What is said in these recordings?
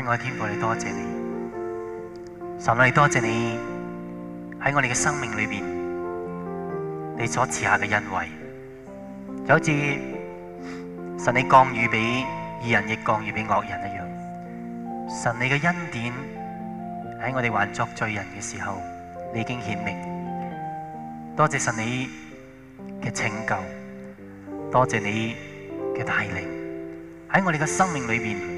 親愛的天父，你多謝你，神你多謝你喺我哋嘅生命裏邊，你所賜下嘅恩惠，就好似神你降雨俾義人亦，亦降雨俾惡人一樣。神你嘅恩典喺我哋還作罪人嘅時候，你已經顯明。多謝神你嘅拯救，多謝你嘅帶領，喺我哋嘅生命裏邊。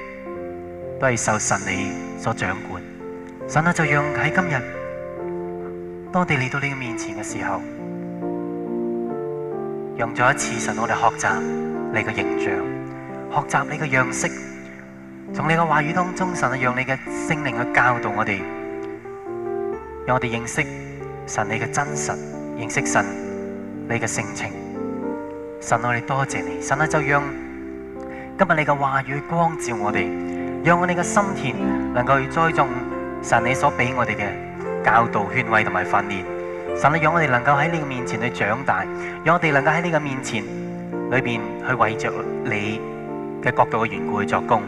都係受神你所掌管，神啊就讓喺今日，多啲嚟到你嘅面前嘅時候，讓再一次神我哋學習你嘅形象，學習你嘅樣式，從你嘅話語當中，神啊讓你嘅聖靈去教導我哋，讓我哋認識神你嘅真實，認識神你嘅性情，神我哋多謝你，神啊就讓今日你嘅話語光照我哋。讓我哋嘅心田能夠栽種神你所俾我哋嘅教導、勸慰同埋訓練。神你讓我哋能夠喺你嘅面前去長大，讓我哋能夠喺你嘅面前裏邊去為着你嘅國度嘅緣故去作工。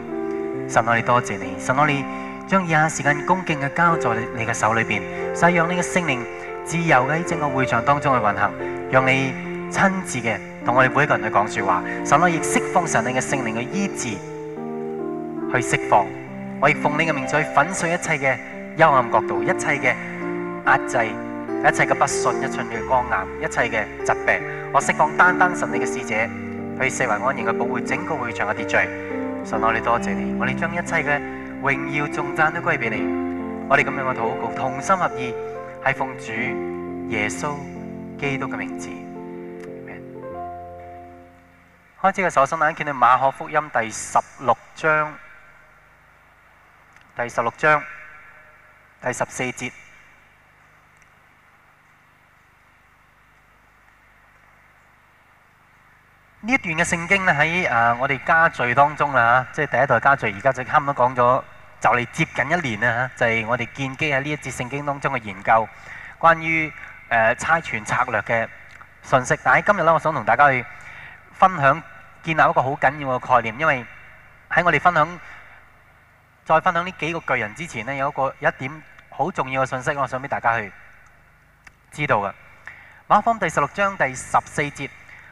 神我哋多謝你，神我哋將以下時間恭敬嘅交在你嘅手裏邊，使讓你嘅聖靈自由喺整個會場當中去運行，讓你親自嘅同我哋每一個人去講說話。神我亦釋放神你嘅聖靈嘅醫治。去釋放，我亦奉你嘅名字去粉碎一切嘅幽暗國度，一切嘅壓制，一切嘅不信，一切嘅光暗，一切嘅疾病。我釋放單單神你嘅使者，去四圍安營嘅保護整個會場嘅秩序。神我哋多謝你，我哋將一切嘅榮耀頌讚都歸俾你。我哋咁樣嘅禱告，同心合意，係奉主耶穌基督嘅名字。Amen. 開始嘅時候，我心眼見到馬可福音第十六章。第十六章第十四節呢一段嘅聖經咧喺，誒，我哋家敘當中啦吓，即係第一代家敘，而家差唔多講咗，就嚟，接近一年啦吓，就係、是，我哋建基喺呢一節聖經當中嘅研究，關於誒，差傳策略嘅信息。但喺今日咧，我想同大家去分享建立一個好緊要嘅概念，因為喺我哋分享。再分享呢幾個巨人之前呢，有一個一點好重要嘅信息，我想俾大家去知道嘅。馬可第十六章第十四節，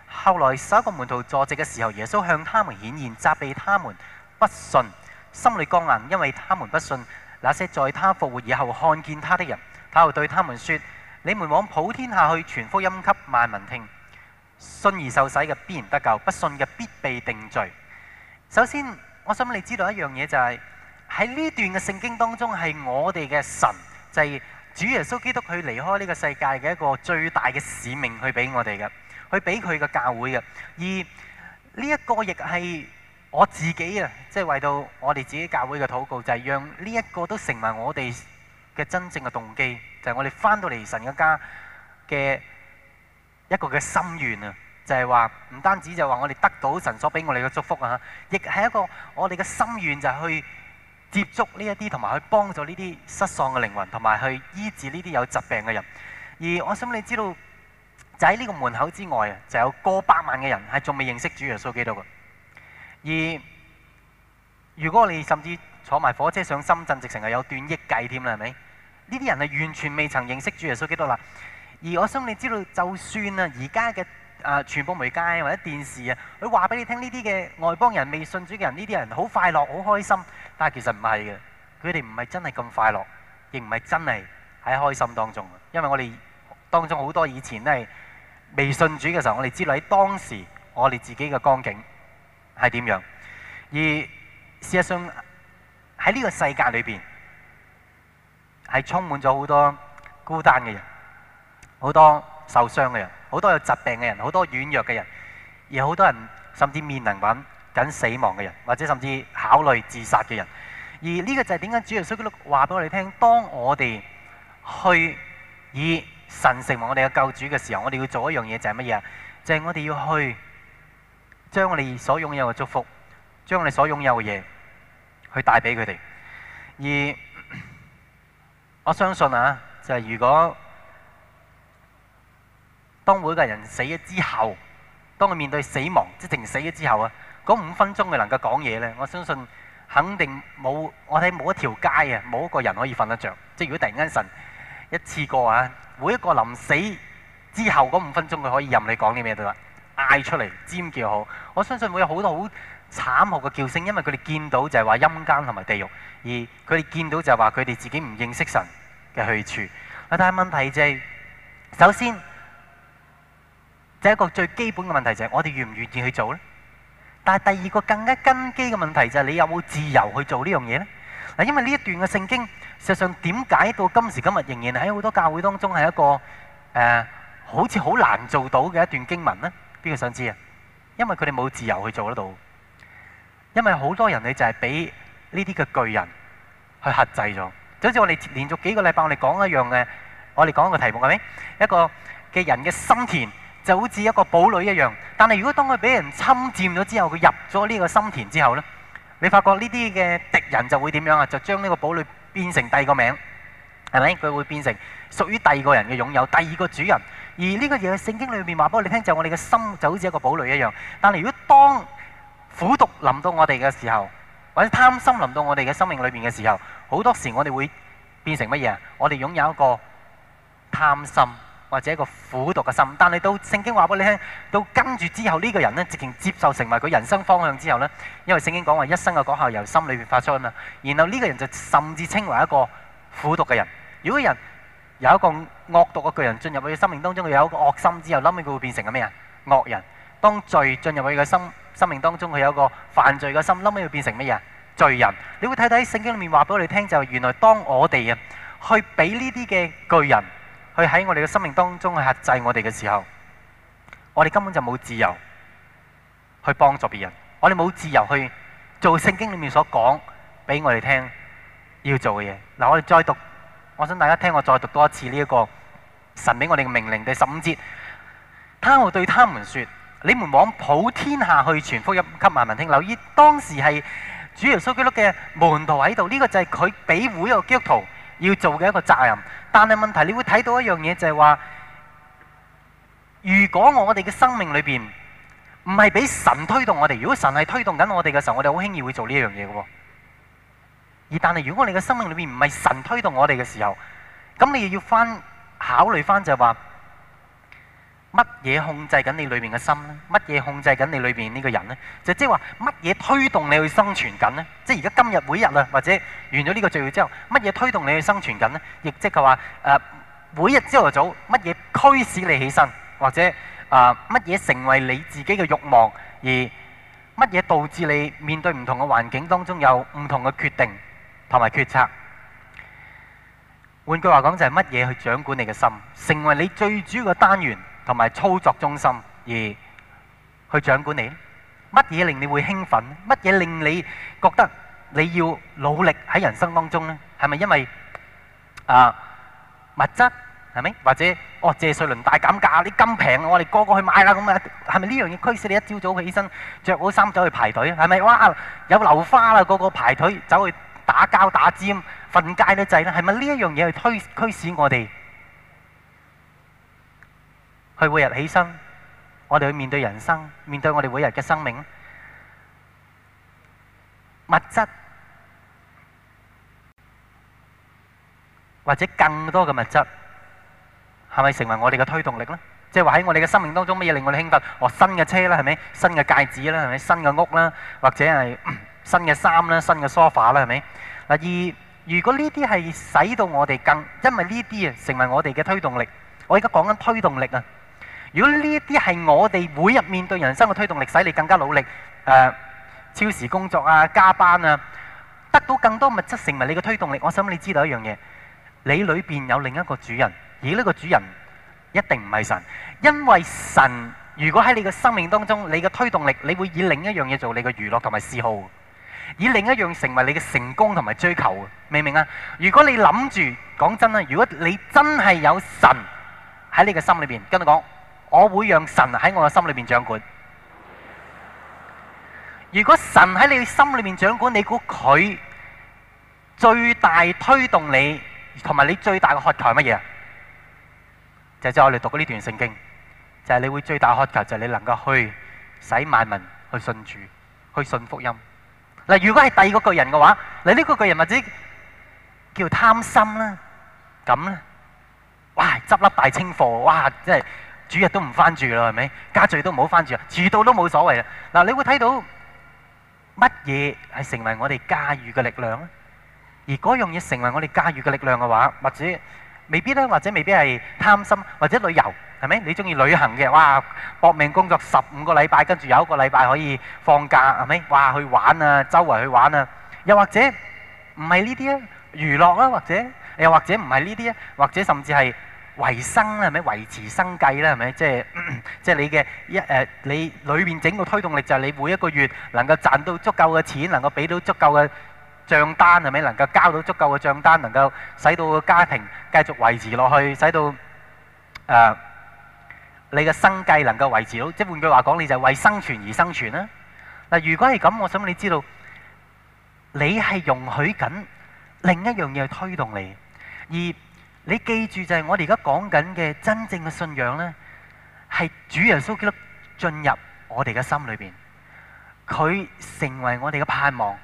後來十一個門徒坐席嘅時候，耶穌向他們顯現，責備他們不信，心裏剛硬，因為他們不信。那些在他復活以後看見他的人，他又對他們說：你們往普天下去，傳福音給萬民聽。信而受洗嘅必然得救，不信嘅必被定罪。首先，我想你知道的一樣嘢就係、是。喺呢段嘅聖經當中，係我哋嘅神就係主耶穌基督，佢離開呢個世界嘅一個最大嘅使命去給我們的，去俾我哋嘅，去俾佢嘅教會嘅。而呢一個亦係我自己啊，即係為到我哋自己教會嘅禱告，就係讓呢一個都成為我哋嘅真正嘅動機，就係我哋翻到嚟，神嘅家嘅一個嘅心願啊！就係話唔單止就話我哋得到神所俾我哋嘅祝福啊，亦係一個我哋嘅心願就係去。接觸呢一啲同埋去幫助呢啲失喪嘅靈魂，同埋去醫治呢啲有疾病嘅人。而我想你知道，就喺呢個門口之外啊，就有過百萬嘅人係仲未認識主耶穌基督嘅。而如果你甚至坐埋火車上深圳，直情係有段億計添啦，係咪？呢啲人係完全未曾認識主耶穌基督啦。而我想你知道，就算啊，而家嘅啊！傳播媒介或者電視啊，佢話俾你聽呢啲嘅外邦人、未信主嘅人，呢啲人好快樂、好開心，但係其實唔係嘅，佢哋唔係真係咁快樂，亦唔係真係喺開心當中。因為我哋當中好多以前都係未信主嘅時候，我哋知道喺當時我哋自己嘅光景係點樣。而事實上喺呢個世界裏邊係充滿咗好多孤單嘅人，好多。受傷嘅人，好多有疾病嘅人，好多軟弱嘅人，而好多人甚至面臨緊緊死亡嘅人，或者甚至考慮自殺嘅人。而呢個就係點解主耶穌基督話俾我哋聽：，當我哋去以神成為我哋嘅救主嘅時候，我哋要做一樣嘢就係乜嘢啊？就係、是、我哋要去將我哋所擁有嘅祝福，將我哋所擁有嘅嘢去帶俾佢哋。而我相信啊，就係如果。當每個人死咗之後，當佢面對死亡，即係死咗之後啊，嗰五分鐘佢能夠講嘢呢？我相信肯定冇，我睇，冇一條街啊，冇一個人可以瞓得着。即係如果突然間神一次過啊，每一個臨死之後嗰五分鐘佢可以任你講啲咩都得，嗌出嚟尖叫好，我相信會有好多好慘酷嘅叫聲，因為佢哋見到就係話陰間同埋地獄，而佢哋見到就係話佢哋自己唔認識神嘅去處。但係問題就係、是、首先。就一個最基本嘅問題就係我哋願唔願意去做咧？但係第二個更加根基嘅問題就係你有冇自由去做呢樣嘢咧？嗱，因為呢一段嘅聖經，實際上點解到今時今日仍然喺好多教會當中係一個誒，好似好難做到嘅一段經文咧？邊個想知啊？因為佢哋冇自由去做得到，因為好多人你就係俾呢啲嘅巨人去轄制咗。就好似我哋連續幾個禮拜我哋講一樣嘅，我哋講一個題目係咩？一個嘅人嘅心田。就好似一個堡壘一樣，但係如果當佢俾人侵佔咗之後，佢入咗呢個心田之後呢，你發覺呢啲嘅敵人就會點樣啊？就將呢個堡壘變成第二個名，係咪？佢會變成屬於第二個人嘅擁有，第二個主人。而呢個嘢聖經裏面話俾我哋聽，就我哋嘅心就好似一個堡壘一樣。但係如果當苦毒臨到我哋嘅時候，或者貪心臨到我哋嘅生命裏面嘅時候，好多時我哋會變成乜嘢？我哋擁有一個貪心。或者一個苦毒嘅心，但係到聖經話俾你聽，到跟住之後呢、呢個人呢，直情接，接受成為佢人生方向之後呢，因為聖經講話一生嘅果效由心裏邊發出啊嘛。然後呢個人就甚至稱為一個苦毒嘅人。如果人有一個惡毒嘅巨人進入佢嘅生命當中，佢有一個惡心之後，諗尾佢會變成個咩人？惡人。當罪進入佢嘅心生命當中，佢有一個犯罪嘅心，諗尾佢變成咩人？罪人。你會睇睇喺聖經裏面話俾我哋聽，就是、原來當我哋啊去俾呢啲嘅巨人。去喺我哋嘅生命當中去限制我哋嘅時候，我哋根本就冇自由去幫助別人，我哋冇自由去做聖經裏面所講俾我哋聽要做嘅嘢。嗱，我哋再讀，我想大家聽我再讀多一次呢一個神俾我哋嘅命令第十五節，他會對他們說：你們往普天下去傳福音，給萬民聽。留意當時係主要蘇基祿嘅門徒喺度，呢個就係佢俾會一個基督徒要做嘅一個責任，但係問題，你會睇到一樣嘢就係話，如果我哋嘅生命裏邊唔係俾神推動我哋，如果神係推動緊我哋嘅時候，我哋好輕易會做呢一樣嘢嘅喎。而但係，如果你嘅生命裏邊唔係神推動我哋嘅時候，咁你又要返考慮返就係話。乜嘢控制緊你裏面嘅心咧？乜嘢控制緊你裏面呢個人咧？就即係話乜嘢推動你去生存緊咧？即係而家今日每日啊，或者完咗呢個聚會之後，乜嘢推動你去生存緊咧？亦即係話誒，每日朝頭早乜嘢驅使你起身，或者啊乜嘢成為你自己嘅慾望，而乜嘢導致你面對唔同嘅環境當中有唔同嘅決定同埋決策？換句話講就係乜嘢去掌管你嘅心，成為你最主要嘅單元。同埋操作中心而去掌管你，乜嘢令你會興奮？乜嘢令你覺得你要努力喺人生當中呢？係咪因為啊物質係咪？或者哦謝瑞麟大減價，啲金咁平，我哋個個去買啦咁啊？係咪呢樣嘢驅使你一朝早起身，著好衫走去排隊？係咪哇有流花啦？個個排隊走去打交打尖瞓街都制啦？係咪呢一樣嘢去驅驅使我哋？佢每日起身，我哋去面對人生，面對我哋每日嘅生命，物質或者更多嘅物質，係咪成為我哋嘅推動力呢？即係話喺我哋嘅生命當中，乜嘢令我哋興奮？哦，新嘅車啦，係咪？新嘅戒指啦，係咪？新嘅屋啦，或者係新嘅衫啦，新嘅梳化啦，係咪？嗱，而如果呢啲係使到我哋更，因為呢啲啊成為我哋嘅推動力。我而家講緊推動力啊！如果呢一啲係我哋每日面對人生嘅推動力，使你更加努力、呃，超時工作啊、加班啊，得到更多物質成為你嘅推動力。我想你知道一樣嘢，你裏面有另一個主人，而呢個主人一定唔係神，因為神如果喺你嘅生命當中，你嘅推動力，你會以另一樣嘢做你嘅娛樂同埋嗜好，以另一樣成為你嘅成功同埋追求。明唔明啊？如果你諗住講真啊，如果你真係有神喺你嘅心裏面，跟住講。我會讓神喺我嘅心裏面掌管。如果神喺你嘅心裏面掌管，你估佢最大推動你同埋你最大嘅渴求係乜嘢啊？就係我哋讀過呢段聖經，就係你會最大渴求就係你能夠去使萬民去信主，去信福音。嗱，如果係第二個巨人嘅話，你呢個巨人或者叫貪心啦，咁啦，哇，執笠大清貨，哇，真係～主日都唔翻住啦，係咪？家聚都唔好翻住啊，遲到都冇所謂啦。嗱，你會睇到乜嘢係成為我哋駕馭嘅力量咧？而嗰樣嘢成為我哋駕馭嘅力量嘅話，或者未必咧，或者未必係貪心，或者旅遊係咪？你中意旅行嘅，哇！搏命工作十五個禮拜，跟住有一個禮拜可以放假，係咪？哇！去玩啊，周圍去玩啊。又或者唔係呢啲啊，娛樂啊，或者又或者唔係呢啲啊，或者甚至係。維生啦，係咪維持生計啦，係咪？即係即係你嘅一誒、呃，你裏面整個推動力就係你每一個月能夠賺到足夠嘅錢，能夠俾到足夠嘅帳單，係咪？能夠交到足夠嘅帳單，能夠使到個家庭繼續維持落去，使到誒、呃、你嘅生計能夠維持到。即係換句話講，你就係為生存而生存啦。嗱，如果係咁，我想你知道，你係容許緊另一樣嘢去推動你，而？你記住就係我哋而家講緊嘅真正嘅信仰呢，係主耶穌基督進入我哋嘅心裏邊，佢成為我哋嘅盼望，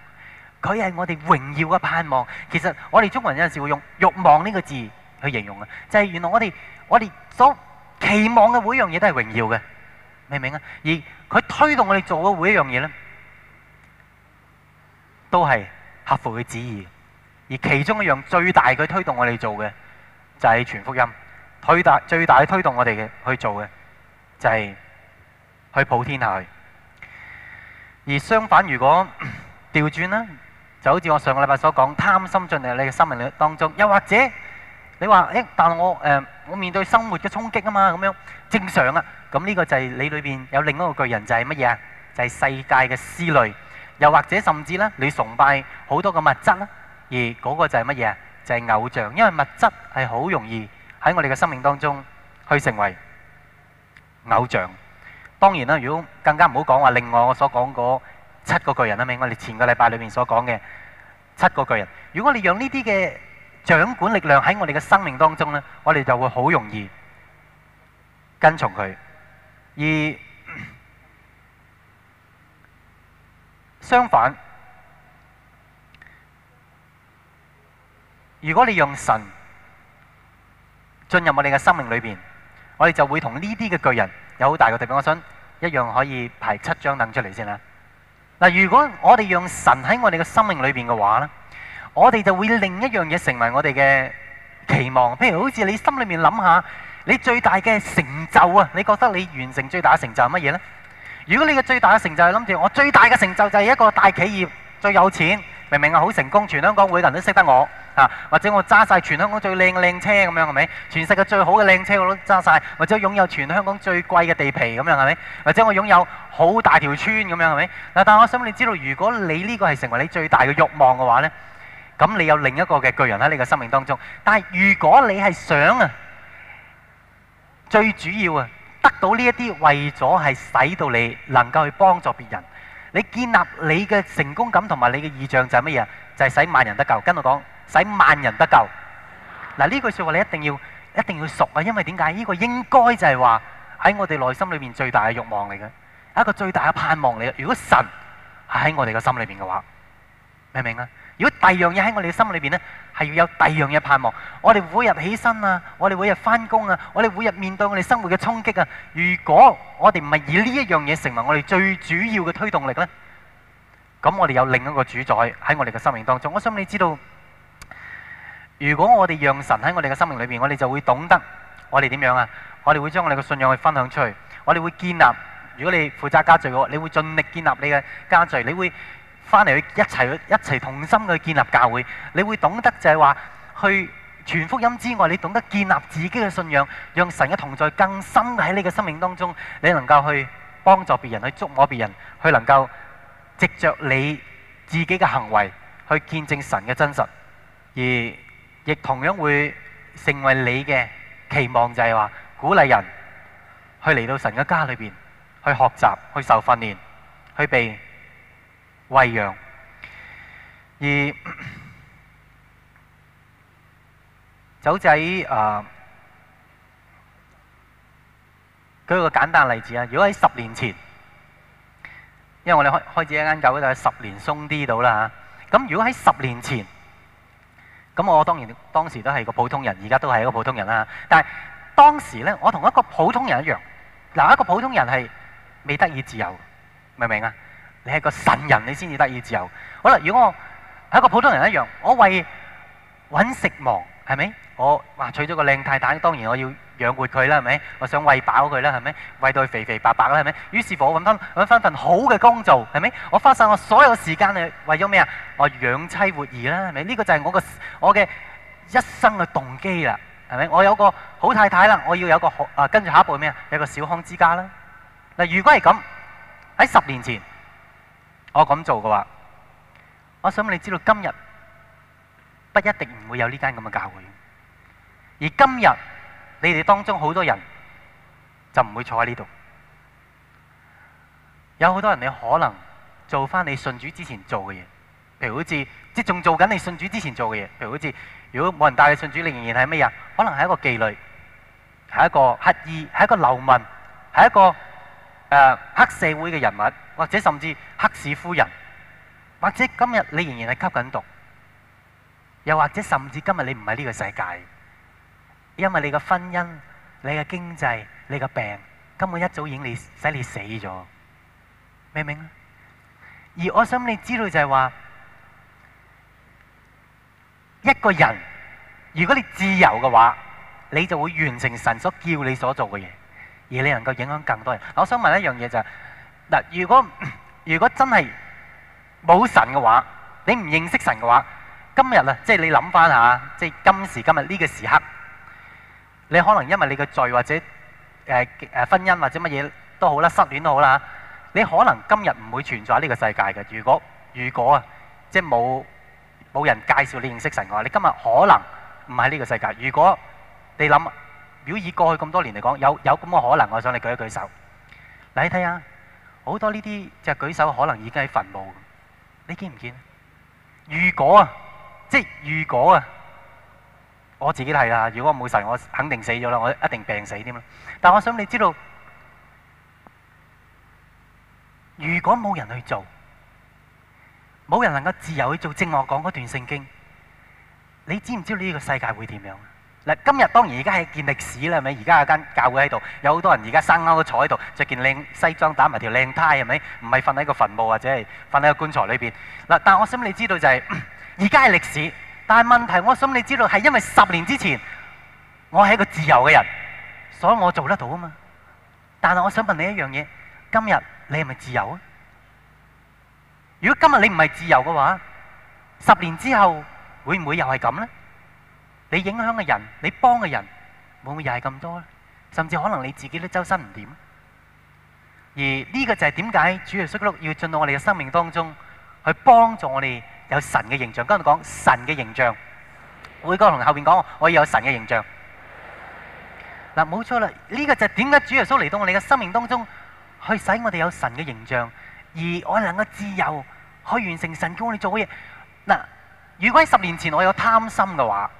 佢係我哋榮耀嘅盼望。其實我哋中國人有陣時會用慾望呢個字去形容啊，就係原來我哋我哋所期望嘅每一樣嘢都係榮耀嘅，明唔明啊？而佢推動我哋做嘅每一樣嘢呢，都係合乎佢旨意，而其中一樣最大佢推動我哋做嘅。就係、是、全福音，推大最大的推動我哋嘅去做嘅，就係、是、去普天下去。而相反，如果調轉啦，就好似我上個禮拜所講，貪心進入你嘅生命裏當中，又或者你話，誒、欸，但我誒、呃，我面對生活嘅衝擊啊嘛，咁樣正常啊。咁呢個就係你裏邊有另一個巨人，就係乜嘢啊？就係、是、世界嘅思慮，又或者甚至啦，你崇拜好多嘅物質啦，而嗰個就係乜嘢啊？就係偶像，因為物質係好容易喺我哋嘅生命當中去成為偶像。當然啦，如果更加唔好講話，另外我所講嗰七個巨人啦，咪我哋前個禮拜裏面所講嘅七個巨人。如果你讓呢啲嘅掌管力量喺我哋嘅生命當中呢，我哋就會好容易跟從佢。而相反。如果你用神進入我哋嘅生命裏邊，我哋就會同呢啲嘅巨人有好大嘅對比。我想一樣可以排七張凳出嚟先啦。嗱，如果我哋用神喺我哋嘅生命裏邊嘅話咧，我哋就會另一樣嘢成為我哋嘅期望。譬如好似你心裏面諗下，你最大嘅成就啊，你覺得你完成最大嘅成就係乜嘢呢？如果你嘅最大嘅成就係諗住我最大嘅成就就係一個大企業最有錢。明明好成功，全香港每個人都識得我啊！或者我揸晒全香港最靚嘅靚車咁樣係咪？全世界最好嘅靚車我都揸晒，或者我擁有全香港最貴嘅地皮咁樣係咪？或者我擁有好大條村咁樣係咪？嗱，但係我想你知道，如果你呢個係成為你最大嘅慾望嘅話呢，咁你有另一個嘅巨人喺你嘅生命當中。但係如果你係想啊，最主要啊，得到呢一啲為咗係使到你能夠去幫助別人。你建立你嘅成功感同埋你嘅意象就係乜嘢？就係、是、使萬人得救。跟我講，使萬人得救。嗱呢句說話你一定要，一定要熟啊！因為點解？呢、呢個應該就係話喺我哋內心裏面最大嘅欲望嚟嘅，一個最大嘅盼望嚟嘅。如果神係喺我哋嘅心裏邊嘅話，明唔明啊？如果第二樣嘢喺我哋嘅心裏邊呢，係要有第二樣嘢盼望。我哋每日起身啊，我哋每日返工啊，我哋每日面對我哋生活嘅衝擊啊。如果我哋唔係以呢一樣嘢成為我哋最主要嘅推動力呢，咁我哋有另一個主宰喺我哋嘅生命當中。我想你知道，如果我哋讓神喺我哋嘅生命裏邊，我哋就會懂得我哋點樣啊。我哋會將我哋嘅信仰去分享出去。我哋會建立，如果你負責家聚嘅話，你會盡力建立你嘅家聚。你會。翻嚟去一齊去一齊同心去建立教會，你會懂得就係話去傳福音之外，你懂得建立自己嘅信仰，讓神嘅同在更深喺你嘅生命當中，你能夠去幫助別人去觸摸別人，去能夠藉着你自己嘅行為去見證神嘅真實，而亦同樣會成為你嘅期望就是，就係話鼓勵人去嚟到神嘅家裏面，去學習、去受訓練、去被。餵養，而走仔啊，舉個簡單例子啊，如果喺十年前，因為我哋開開始一間酒樓，大概十年鬆啲度啦吓。咁如果喺十年前，咁我當然當時都係個普通人，而家都係一個普通人啦。但係當時咧，我同一個普通人一樣，嗱一個普通人係未得以自由，明唔明啊？你係個神人，你先至得以自由。好啦，如果我係一個普通人一樣，我為揾食忙，係咪？我話娶咗個靚太太，當然我要養活佢啦，係咪？我想餵飽佢啦，係咪？餵到佢肥肥白白啦，係咪？於是乎我，我揾翻揾翻份好嘅工作，係咪？我花晒我所有時間去為咗咩啊？我養妻活兒啦，係咪？呢、這個就係我個我嘅一生嘅動機啦，係咪？我有個好太太啦，我要有個好啊，跟住下一步咩啊？有個小康之家啦。嗱，如果係咁喺十年前。我咁做嘅話，我想你知道今日不一定唔會有呢間咁嘅教會。而今日你哋當中好多人就唔會坐喺呢度。有好多人你可能做翻你信主之前做嘅嘢，譬如好似即仲做緊你信主之前做嘅嘢，譬如好似如果冇人帶你信主，你仍然係咩呀？可能係一個妓女，係一個乞兒，係一個流民，係一個，誒、uh，黑社會嘅人物，或者甚至黑市夫人，或者今日你仍然係吸緊毒，又或者甚至今日你唔係呢個世界，因為你嘅婚姻、你嘅經濟、你嘅病，根本一早已經你使你死咗，明唔明啊？而我想你知道就係話，一個人如果你自由嘅話，你就會完成神所叫你所做嘅嘢。而你能夠影響更多人。我想問一樣嘢就係：嗱，如果如果真係冇神嘅話，你唔認識神嘅話，今日啊，即係你諗翻下，即係今時今日呢個時刻，你可能因為你嘅罪或者誒誒、呃、婚姻或者乜嘢都好啦，失戀都好啦，你可能今日唔會存在呢個世界嘅。如果如果啊，即係冇冇人介紹你認識神嘅話，你今日可能唔喺呢個世界。如果你諗。如果以過去咁多年嚟講，有有咁嘅可能，我想你舉一舉手，你睇下，好多呢啲就舉手可能已經喺墳墓。你見唔見？如果啊，即係如果啊，我自己係啦。如果我冇神，我肯定死咗啦，我一定病死添啦。但我想你知道，如果冇人去做，冇人能夠自由去做正我講嗰段聖經，你知唔知呢個世界會點樣？嗱，今日當然而家係件歷史啦，係咪？而家有間教會喺度，有好多人而家生勾都坐喺度，着件靚西裝，打埋條靚呔，係咪？唔係瞓喺個墳墓或者係瞓喺個棺材裏邊。嗱，但我想你知道就係，而家係歷史，但係問題，我想你知道係因為十年之前我係一個自由嘅人，所以我做得到啊嘛。但係我想問你一樣嘢，今日你係咪自由啊？如果今日你唔係自由嘅話，十年之後會唔會又係咁呢？你影響嘅人，你幫嘅人，會唔會又係咁多咧？甚至可能你自己都周身唔掂。而呢個就係點解主耶穌基督要進到我哋嘅生命當中，去幫助我哋有神嘅形象。今日講神嘅形象，會講同後邊講我要有神嘅形象。嗱、啊，冇錯啦，呢、這個就係點解主耶穌嚟到我哋嘅生命當中，去使我哋有神嘅形象，而我能夠自由去完成神叫我哋做嘅嘢。嗱、啊，如果十年前我有貪心嘅話，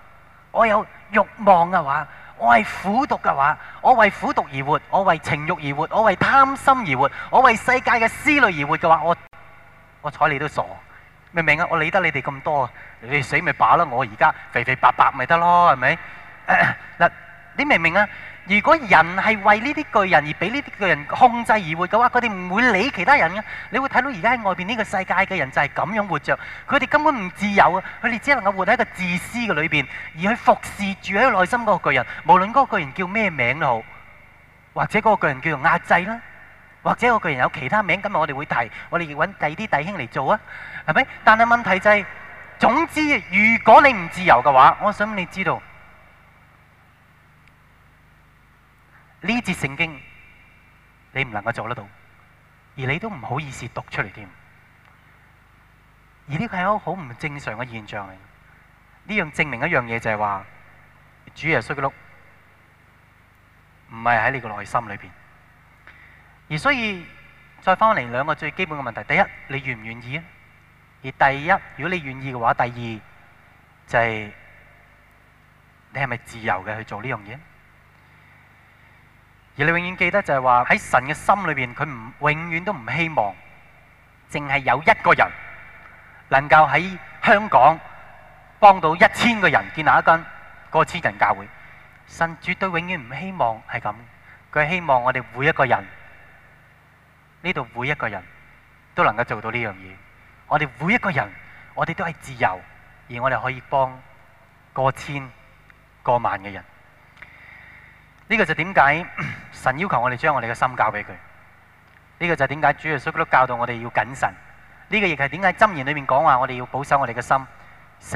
我有欲望嘅話，我係苦毒嘅話，我為苦毒而活，我為情慾而活，我為貪心而活，我為世界嘅思慮而活嘅話，我我睬你都傻，明唔明啊？我理得你哋咁多，你哋死咪罷啦！我而家肥肥白白咪得咯，係咪？嗱，你明唔明啊？如果人係為呢啲巨人而俾呢啲巨人控制而活嘅話，佢哋唔會理會其他人嘅。你會睇到而家喺外邊呢個世界嘅人就係咁樣活着，佢哋根本唔自由啊！佢哋只能夠活喺一個自私嘅裏邊，而去服侍住喺內心嗰個巨人，無論嗰個巨人叫咩名都好，或者嗰個巨人叫做壓制啦，或者嗰個巨人有其他名字，今日我哋會提，我哋揾第二啲弟兄嚟做啊，係咪？但係問題就係、是，總之如果你唔自由嘅話，我想你知道。呢節聖經你唔能夠做得到，而你都唔好意思讀出嚟添。而呢個係一個好唔正常嘅現象嚟。呢樣證明一樣嘢就係話，主耶穌嘅碌，唔係喺你個內心裏邊，而所以再翻嚟兩個最基本嘅問題：第一，你願唔願意啊？而第一，如果你願意嘅話，第二就係你係咪自由嘅去做呢樣嘢？而你永遠記得就係話喺神嘅心裏邊，佢唔永遠都唔希望，淨係有一個人能夠喺香港幫到一千個人建立一間過千人教會。神絕對永遠唔希望係咁，佢希望我哋每一個人呢度每一個人都能夠做到呢樣嘢。我哋每一個人，我哋都係自由，而我哋可以幫過千、過萬嘅人。呢、這個就點解神要求我哋將我哋嘅心交俾佢？呢個就點解主耶穌都教到我哋要謹慎？呢個亦係點解箴言裏面講話我哋要保守我哋嘅心，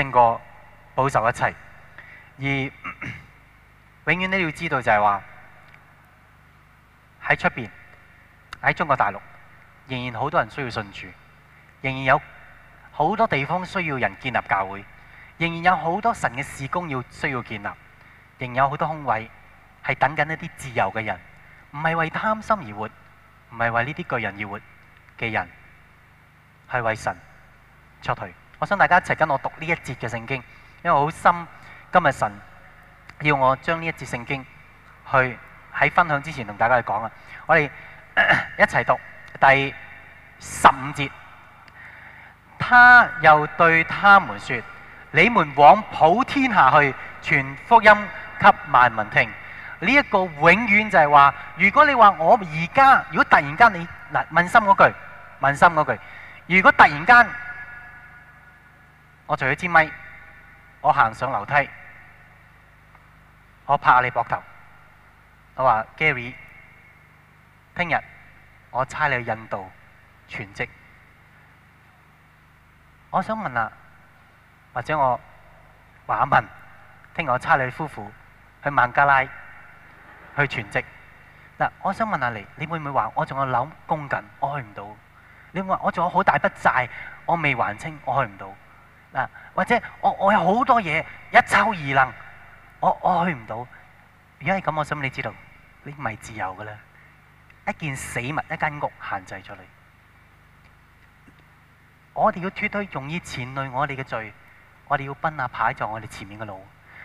勝過保守一切。而永遠都要知道就係話喺出面，喺中國大陸，仍然好多人需要信主，仍然有好多地方需要人建立教會，仍然有好多神嘅事工要需要建立，仍然有好多空位。係等緊一啲自由嘅人，唔係為貪心而活，唔係為呢啲巨人而活嘅人，係為神出去。我想大家一齊跟我讀呢一節嘅聖經，因為好深。今日神要我將呢一節聖經去喺分享之前同大家去講啊！我哋咳咳一齊讀第十五節。他又對他們說：你們往普天下去，傳福音給萬民聽。呢、這、一個永遠就係話，如果你話我而家，如果突然間你嗱問心嗰句，問心嗰句，如果突然間我除咗支咪，我行上樓梯，我拍下你膊頭，我話 Gary，聽日我差你去印度全職，我想問啊，或者我話阿文，聽日我差你夫婦去孟加拉。去全職嗱，我想問下你，你會唔會話我仲有樓供緊，我去唔到？你會話我仲有好大筆債，我未還清，我去唔到？嗱，或者我我有好多嘢一抽二掕。我我去唔到。如果係咁，我想你知道，你唔係自由嘅啦。一件死物，一間屋限制咗你。我哋要脫去容易纏累我哋嘅罪，我哋要奔下擺在我哋前面嘅路。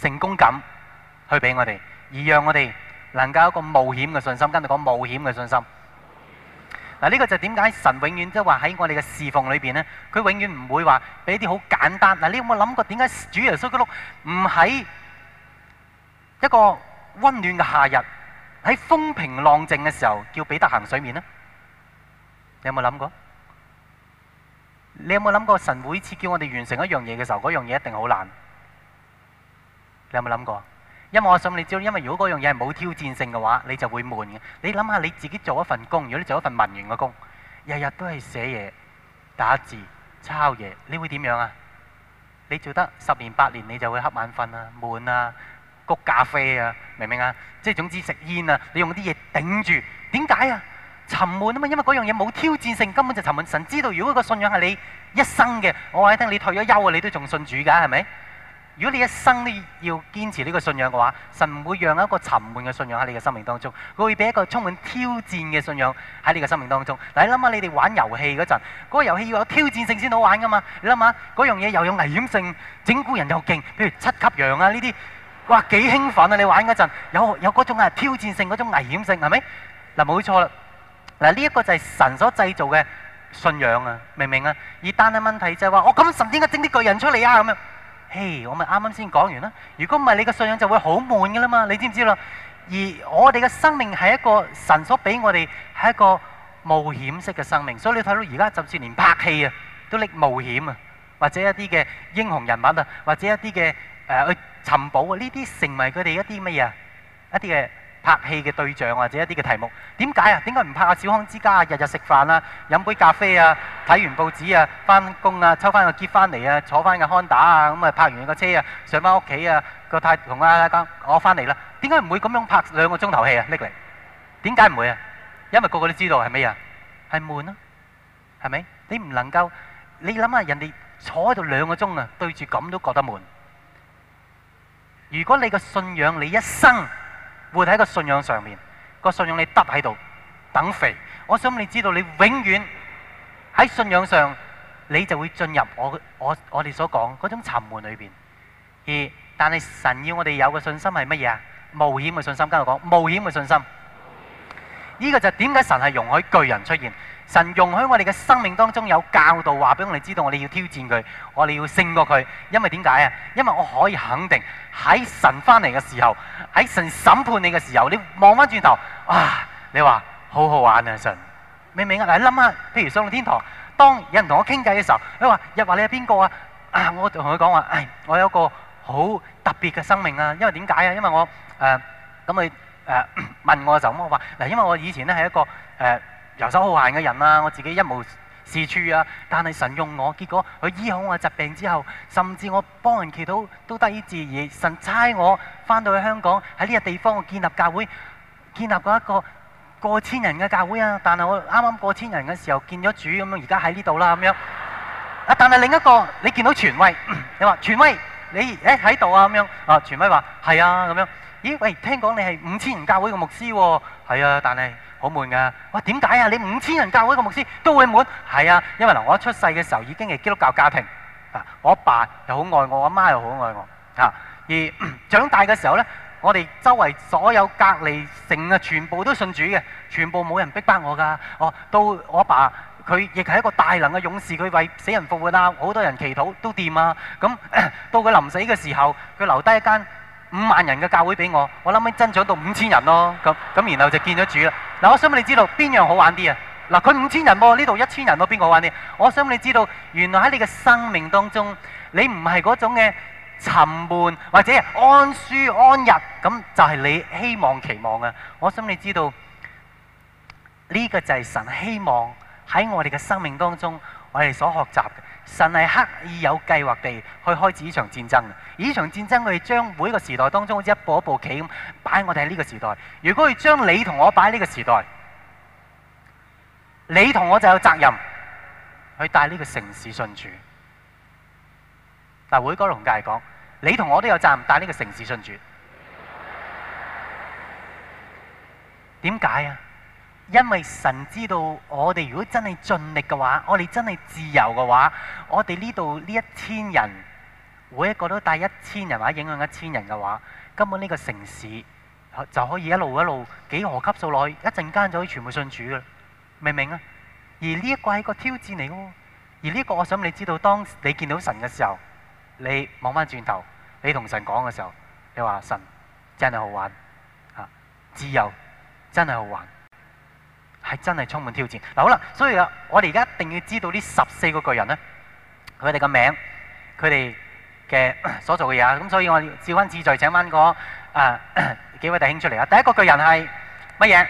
成功感去俾我哋，而讓我哋能夠有一個冒險嘅信心。跟住講冒險嘅信心。嗱，呢個就點解神永遠即係話喺我哋嘅侍奉裏邊咧，佢永遠唔會話俾啲好簡單。嗱，你有冇諗過點解主耶穌基督唔喺一個溫暖嘅夏日，喺風平浪靜嘅時候叫彼得行水面呢？你有冇諗過？你有冇諗過神每次叫我哋完成一樣嘢嘅時候，嗰樣嘢一定好難？你有冇諗過？因為我想你知道，因為如果嗰樣嘢係冇挑戰性嘅話，你就會悶嘅。你諗下你自己做一份工，如果你做一份文員嘅工，日日都係寫嘢、打字、抄嘢，你會點樣啊？你做得十年八年，你就會瞌眼瞓啊、悶啊、谷咖啡啊，明唔明啊？即係總之食煙啊，你用啲嘢頂住。點解啊？沉悶啊嘛，因為嗰樣嘢冇挑戰性，根本就沉悶。神知道，如果個信仰係你一生嘅，我話你聽，你退咗休啊，你都仲信主㗎，係咪？如果你一生都要堅持呢個信仰嘅話，神唔會讓一個沉悶嘅信仰喺你嘅生命當中，佢會俾一個充滿挑戰嘅信仰喺你嘅生命當中。嗱，你諗下，你哋玩遊戲嗰陣，嗰個遊戲要有挑戰性先好玩噶嘛？你諗下，嗰樣嘢又有危險性，整蠱人又勁，譬如七級羊啊呢啲，哇幾興奮啊！你玩嗰陣有有嗰種啊挑戰性，嗰種危險性係咪？嗱，冇錯啦，嗱呢一個就係神所製造嘅信仰啊，明唔明啊？而單一問題就係話，我、哦、咁神點解整啲巨人出嚟啊咁樣？嘿、hey，我咪啱啱先講完啦。如果唔係，你嘅信仰就會好悶㗎啦嘛。你知唔知喇？而我哋嘅生命係一個神所俾我哋係一個冒險式嘅生命。所以你睇到而家就算連拍戲啊，都拎冒險啊，或者一啲嘅英雄人物啊，或者一啲嘅誒去尋寶啊，呢啲成為佢哋一啲乜嘢啊一啲嘅。拍戲嘅對象或者一啲嘅題目，點解啊？點解唔拍《小康之家》日日食飯啦，飲杯咖啡啊、睇完報紙啊、翻工啊、抽翻個結翻嚟啊、坐翻個康打啊，咁啊拍完個車啊上翻屋企啊個太同啊我翻嚟啦。點解唔會咁樣拍兩個鐘頭戲啊？拎嚟，點解唔會啊？因為個個都知道係咩啊？係悶啊，係咪？你唔能夠，你諗下人哋坐喺度兩個鐘啊，對住咁都覺得悶。如果你個信仰你一生。活喺個信仰上面，個信仰你耷喺度等肥。我想你知道，你永遠喺信仰上，你就會進入我我我哋所講嗰種沉悶裏邊。而但係神要我哋有嘅信心係乜嘢啊？冒險嘅信心，跟我講冒險嘅信心。呢個就點解神係容許巨人出現？神容許我哋嘅生命當中有教導，話俾我哋知道，我哋要挑戰佢，我哋要勝過佢。因為點解啊？因為我可以肯定喺神翻嚟嘅時候，喺神審判你嘅時候，你望翻轉頭，哇、啊！你話好好玩啊！神，明唔明啊？嚟諗下，譬如上到天堂，當有人同我傾偈嘅時候，佢話又話你係邊個啊？啊，我同佢講話，唉、哎，我有一個好特別嘅生命啊！因為點解啊？因為我誒咁佢誒問我就咁，我話嗱，因為我以前咧係一個誒。呃游手好閒嘅人啊，我自己一無是處啊，但係神用我，結果佢醫好我嘅疾病之後，甚至我幫人祈禱都得以治癒。神差我返到去香港，喺呢個地方我建立教會，建立過一個過千人嘅教會啊。但係我啱啱過千人嘅時候見咗主咁樣，而家喺呢度啦咁樣。啊，但係另一個你見到傳威，你話傳威，你誒喺度啊咁樣啊？傳威話係啊咁樣。咦喂，聽講你係五千人教會嘅牧師喎、啊？係啊，但係。好悶噶，哇點解啊？你五千人教會嘅牧師都會悶？係啊，因為嗱，我出世嘅時候已經係基督教家庭，啊，我阿爸又好愛我，阿媽又好愛我，嗯，而長大嘅時候呢，我哋周圍所有隔離成啊全部都信主嘅，全部冇人逼迫我噶。哦，到我阿爸佢亦係一個大能嘅勇士，佢為死人復活啦，好多人祈禱都掂啊。咁到佢臨死嘅時候，佢留低一間五萬人嘅教會俾我，我諗起增長到五千人咯。咁咁，然後就見咗主啦。嗱，我想問你知道邊樣好玩啲啊？嗱，佢五千人喎，呢度一千人喎，邊個玩啲？我想你知道，原來喺你嘅生命當中，你唔係嗰種嘅沉悶或者安舒安逸，咁就係、是、你希望期望啊！我想你知道呢、個就係神希望喺我哋嘅生命當中，我哋所學習嘅。神係刻意有計劃地去開始呢場，場戰爭。而呢場戰爭，佢哋將每一個時代當中好似一步一步棋咁擺我哋喺呢個時代。如果佢將你同我擺呢個時代，你同我就有責任去帶呢個城市信主。但會哥同我係講，你同我都有責任帶呢個城市信主。點解啊？因為神知道我哋如果真係盡力嘅話，我哋真係自由嘅話，我哋呢度呢一千人，每一個都帶一千人或者影響一千人嘅話，根本呢個城市就可以一路一路幾何級數落去，一陣間就可以全部信主嘅，明唔明啊？而呢一個係一個挑戰嚟喎。而呢個我想你知道，當你見到神嘅時候，你望翻轉頭，你同神講嘅時候，你話神真係好玩，吓自由真係好玩。係真係充滿挑戰，嗱，好啦，所以啊，我哋而家一定要知道呢十四個巨人咧，佢哋嘅名，佢哋嘅所做嘅嘢啊，咁所以我哋照翻志在請翻個啊幾位弟兄出嚟啊，第一個巨人係乜嘢？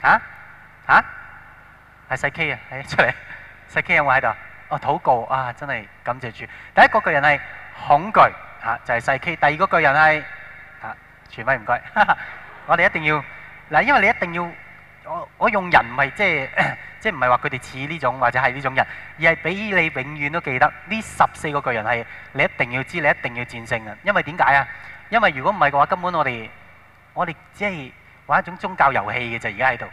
嚇嚇，係細 K 啊，出嚟，細 K 有冇喺度？哦，禱告啊，真係感謝主。第一個巨人係恐懼嚇，就係細 K。第二個巨人係嚇，全威唔該。我哋一定要，嗱，因為你一定要。我我用人唔係即係即係唔係話佢哋似呢種或者係呢種人，而係俾你永遠都記得呢十四個巨人係你一定要知，你一定要戰勝嘅。因為點解啊？因為如果唔係嘅話，根本我哋我哋只係玩一種宗教遊戲嘅就而家喺度。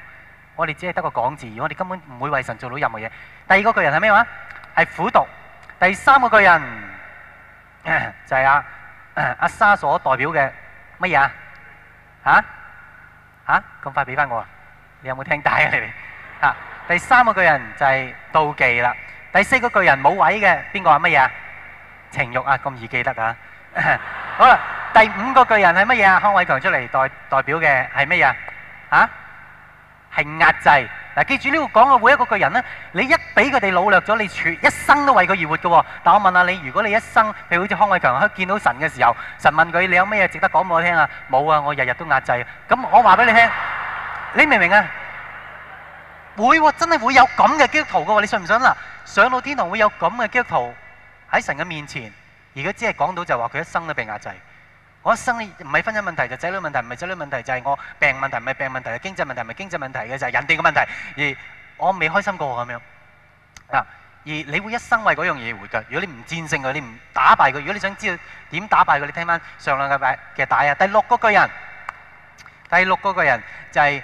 我哋只係得個講字，我哋根本唔會為神做到任何嘢。第二個巨人係咩話？係苦毒。第三個巨人就係、是、啊阿、啊、沙所代表嘅乜嘢啊？吓吓咁快俾翻我啊！你有冇聽大啊？你吓第三個巨人就係妒忌啦，第四個巨人冇位嘅，邊個話乜嘢？情欲啊？咁易記得啊？好啦，第五個巨人係乜嘢啊？康偉強出嚟代代表嘅係乜嘢？吓？係壓制嗱。記住呢個講嘅每一個巨人咧，你一俾佢哋擄掠咗，你全一生都為佢而活嘅。但係我問下你，如果你一生，譬如好似康偉強佢見到神嘅時候，神問佢你有咩嘢值得講俾我聽啊？冇啊，我日日都壓制。咁我話俾你聽。你明唔明啊？會喎、啊，真係會有咁嘅基督徒嘅喎，你信唔信啦、啊？上到天堂會有咁嘅基督徒喺神嘅面前。而家只係講到就話佢一生都被壓制。我一生唔係婚姻問題，就仔、是、女問題；唔係仔女問題，就係、是、我病問題；唔係病問題，係、就是、經濟問題；唔係經濟問題嘅就係、是、人哋嘅問題。而我未開心過咁樣。嗱，而你會一生為嗰樣嘢活㗎。如果你唔戰勝佢，你唔打敗佢。如果你想知道點打敗佢，你聽翻上兩個拜嘅打啊。第六個巨人，第六個巨人就係、是。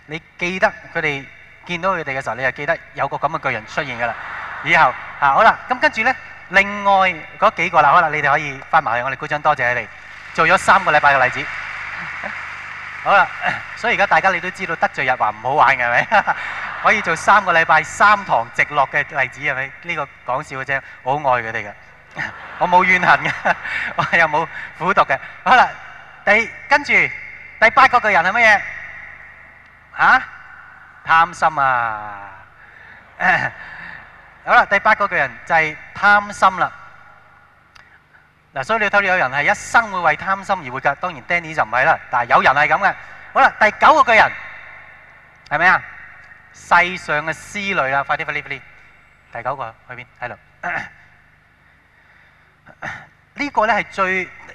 你記得佢哋見到佢哋嘅時候，你就記得有個咁嘅巨人出現㗎啦。以後啊，好啦，咁跟住呢，另外嗰幾個啦，好啦，你哋可以翻埋去。我哋鼓掌多謝你哋做咗三個禮拜嘅例子。好啦，所以而家大家你都知道得罪日華唔好玩嘅係咪？可以做三個禮拜三堂直落嘅例子係咪？呢個講笑嘅啫，我好愛佢哋嘅，我冇怨恨嘅，我係又冇苦讀嘅。好啦，第跟住第八個巨人係乜嘢？嚇！貪心啊！好啦，第八個巨人就係貪心啦。嗱，所以你睇到有人係一生會為貪心而活噶。當然 Danny 就唔係啦，但係有人係咁嘅。好啦，第九個巨人係咪啊？世上嘅思慮啦，快啲快啲快啲！第九個去邊？喺度。呢個咧係最。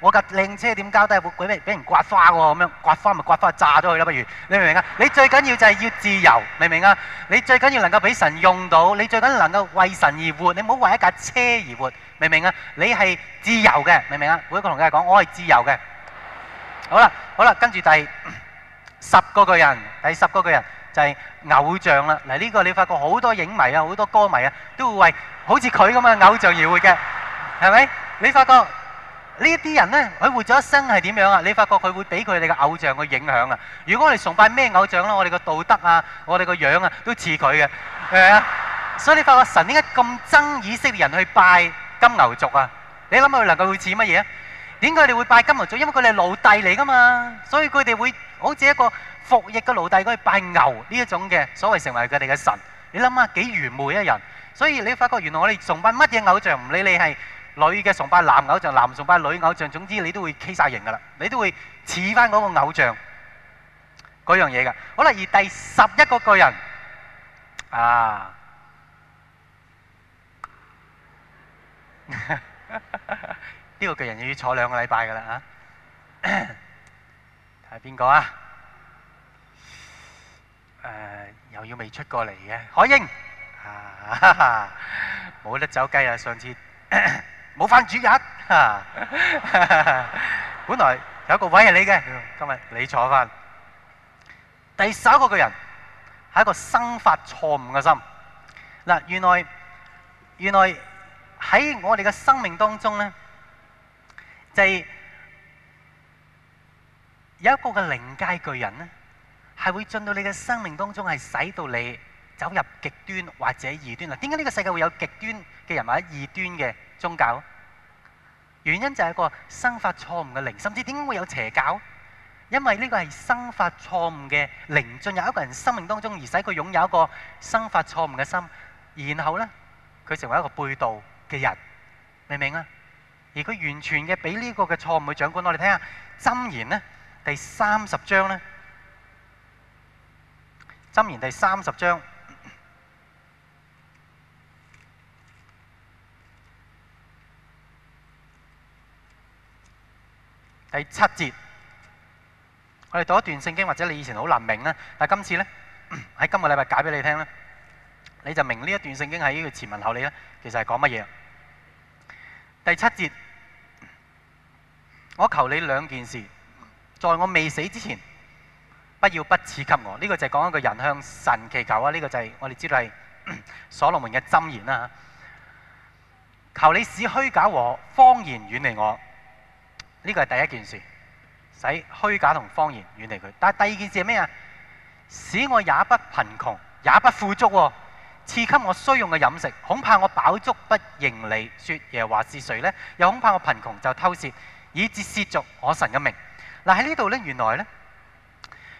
我架靚車點交低？會俾俾人刮花喎，咁樣刮花咪刮花炸咗佢啦，不如你明唔明啊？你最緊要就係要自由，明唔明啊？你最緊要能夠俾神用到，你最緊要能夠為神而活，你唔好為一架車而活，明唔明啊？你係自由嘅，明唔明啊？每一個同佢講，我係自由嘅。好啦，好啦，跟住第十個個人，第十個個人就係偶像啦。嗱，呢個你發覺好多影迷啊，好多歌迷啊，都會為好似佢咁嘅偶像而活嘅，係咪？你發覺？呢一啲人咧，佢活咗一生係點樣啊？你發覺佢會俾佢哋嘅偶像嘅影響啊！如果我哋崇拜咩偶像啦，我哋個道德啊，我哋個樣啊，都似佢嘅，係咪啊？所以你發覺神點解咁憎以色列人去拜金牛族啊？你諗下佢能夠會似乜嘢啊？點解你會拜金牛族？因為佢哋係奴隸嚟噶嘛，所以佢哋會好似一個服役嘅奴隸，佢去拜牛呢一種嘅所謂成為佢哋嘅神。你諗下幾愚昧一人！所以你發覺原來我哋崇拜乜嘢偶像，唔理你係。女嘅崇拜男偶像，男崇拜女偶像，總之你都會欺晒型噶啦，你都會似翻嗰個偶像嗰樣嘢噶。好啦，而第十一個巨人啊，呢 個巨人又要坐兩個禮拜噶啦啊，睇下邊個啊？誒、啊，又要未出過嚟嘅海英啊，冇得走雞啊！上次、啊。冇翻主日，嚇！本來有一個位係你嘅，今日你坐翻。第十個巨人係一個生發錯誤嘅心。嗱，原來原來喺我哋嘅生命當中咧，就係有一個嘅靈界巨人咧，係會進到你嘅生命當中係使到你走入極端或者異端啦？點解呢個世界會有極端嘅人或者異端嘅宗教？原因就係一個生發錯誤嘅靈，甚至點解會有邪教？因為呢個係生發錯誤嘅靈進入一個人生命當中，而使佢擁有一個生發錯誤嘅心，然後咧佢成為一個背道嘅人，明唔明啊？而佢完全嘅俾呢個嘅錯誤嘅掌管。我哋睇下《箴言》咧，第三十章咧，《箴言》第三十章。第七節，我哋讀一段聖經，或者你以前好難明，但今次呢，喺今個禮拜解俾你聽呢你就明呢一段聖經喺呢個前文後理其實是講乜嘢？第七節，我求你兩件事，在我未死之前，不要不賜給我。呢、這個就是講一個人向神祈求呢、這個就係、是、我哋知道是所羅門嘅箴言，求你使虛假和謊言遠離我。呢個係第一件事，使虛假同謊言遠離佢。但係第二件事係咩啊？使我也不貧窮，也不富足，賜給我需用嘅飲食。恐怕我飽足不盈利，説耶華是誰呢？又恐怕我貧窮就偷竊，以致褻瀆我神嘅名。嗱喺呢度呢，原來呢，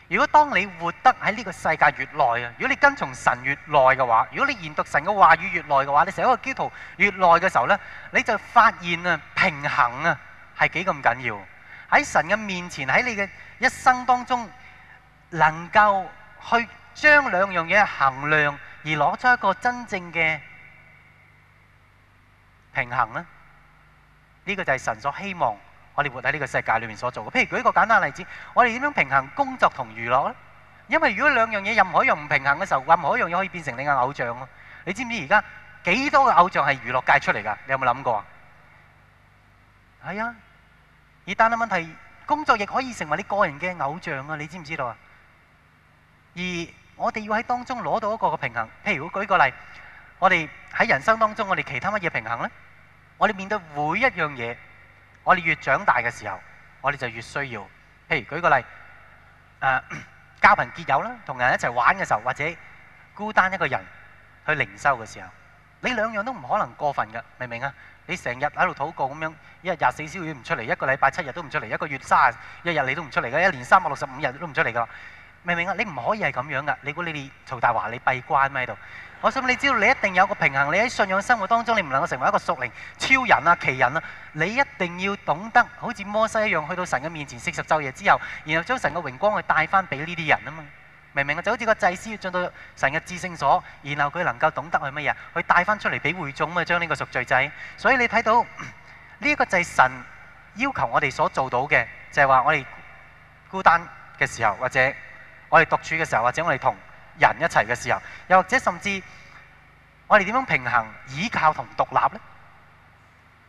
如果當你活得喺呢個世界越耐啊，如果你跟從神越耐嘅話，如果你研讀神嘅話語越耐嘅話，你成日個基督徒越耐嘅時候呢，你就發現啊平衡啊！係幾咁緊要？喺神嘅面前，喺你嘅一生當中，能夠去將兩樣嘢衡量，而攞出一個真正嘅平衡咧？呢個就係神所希望我哋活喺呢個世界裏面所做嘅。譬如舉一個簡單例子，我哋點樣平衡工作同娛樂咧？因為如果兩樣嘢任何一樣唔平衡嘅時候，任何一樣嘢可以變成你嘅偶像咯。你知唔知而家幾多嘅偶像係娛樂界出嚟㗎？你有冇諗過啊？係啊！而但係問題，工作亦可以成為你個人嘅偶像啊！你知唔知道啊？而我哋要喺當中攞到一個嘅平衡。譬如我舉個例，我哋喺人生當中，我哋其他乜嘢平衡呢？我哋面對每一樣嘢，我哋越長大嘅時候，我哋就越需要。譬如舉個例，誒交朋結友啦，同人一齊玩嘅時候，或者孤單一個人去靈修嘅時候，你兩樣都唔可能過分嘅，明唔明啊？你成日喺度禱告咁樣，一日廿四小時唔出嚟，一個禮拜七日都唔出嚟，一個月三十一日你都唔出嚟嘅，一年三百六十五日都唔出嚟嘅，明明啊？你唔可以係咁樣嘅。你估你哋曹大華你閉關咩喺度？我想你知道，你一定有個平衡。你喺信仰生活當中，你唔能夠成為一個屬靈超人啊、奇人啊。你一定要懂得好似摩西一樣，去到神嘅面前，四十晝夜之後，然後將神嘅榮光去帶翻俾呢啲人啊嘛。明明就好似個祭司要進到神嘅至聖所，然後佢能夠懂得去乜嘢，去帶翻出嚟俾會眾，咪將呢個贖罪祭。所以你睇到呢一個就係神要求我哋所做到嘅，就係話我哋孤單嘅時候，或者我哋獨處嘅時候，或者我哋同人一齊嘅時候，又或者甚至我哋點樣平衡依靠同獨立呢？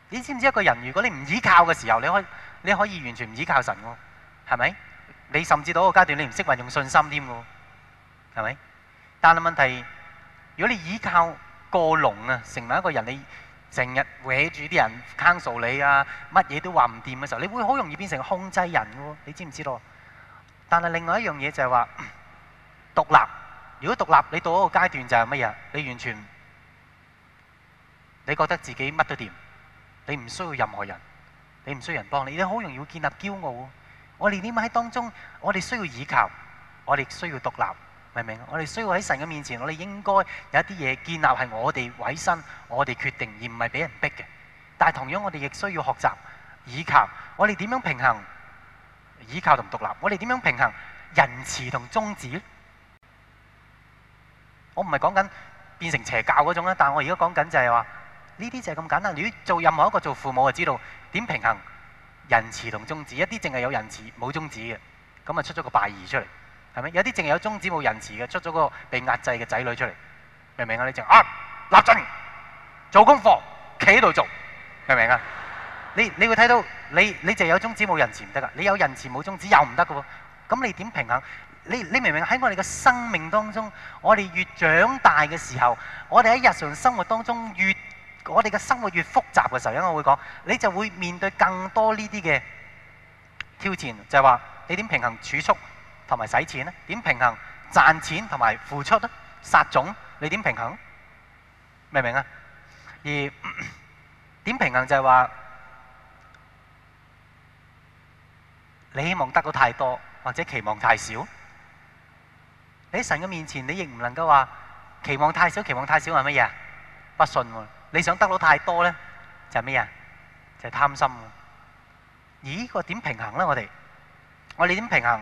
你知唔知道一個人如果你唔依靠嘅時候，你可你可以完全唔依靠神喎，係咪？你甚至到一個階段，你唔識運用信心添喎。係咪？但係問題，如果你依靠過龍啊，成為一個人，你成日搲住啲人 counsel 你啊，乜嘢都話唔掂嘅時候，你會好容易變成控制人嘅喎。你知唔知道？但係另外一樣嘢就係話獨立。如果獨立，你到一個階段就係乜嘢？你完全你覺得自己乜都掂，你唔需要任何人，你唔需要人幫你，你好容易會建立驕傲。我哋點解喺當中，我哋需要依靠，我哋需要獨立。明唔明？我哋需要喺神嘅面前，我哋應該有一啲嘢建立係我哋委身、我哋決定，而唔係俾人逼嘅。但係同樣，我哋亦需要學習，倚靠。我哋點樣平衡依靠同獨立？我哋點樣平衡仁慈同宗旨？我唔係講緊變成邪教嗰種啦，但我而家講緊就係話呢啲就係咁簡單。如果做任何一個做父母就知道點平衡仁慈同宗旨。一啲淨係有仁慈冇宗旨嘅，咁啊出咗個拜二出嚟。係咪有啲淨有宗旨冇仁慈嘅出咗個被壓制嘅仔女出嚟？明唔明啊？你就啊立正做功課，企喺度做，明唔明啊？你你會睇到你你淨有宗旨冇仁慈唔得㗎，你有仁慈冇宗旨又唔得嘅喎。咁你點平衡？你你明唔明喺我哋嘅生命當中，我哋越長大嘅時候，我哋喺日常生活當中越我哋嘅生活越複雜嘅時候，因為我會講你就會面對更多呢啲嘅挑戰，就係話你點平衡儲蓄？同埋使錢咧，點平衡賺錢同埋付出咧？撒種你點平衡？明唔明啊？而點平衡就係話你希望得到太多，或者期望太少。你喺神嘅面前，你亦唔能夠話期望太少。期望太少係乜嘢？不信喎！你想得到太多咧，就係乜嘢？就係貪心。而呢個點平衡咧？我哋我哋點平衡？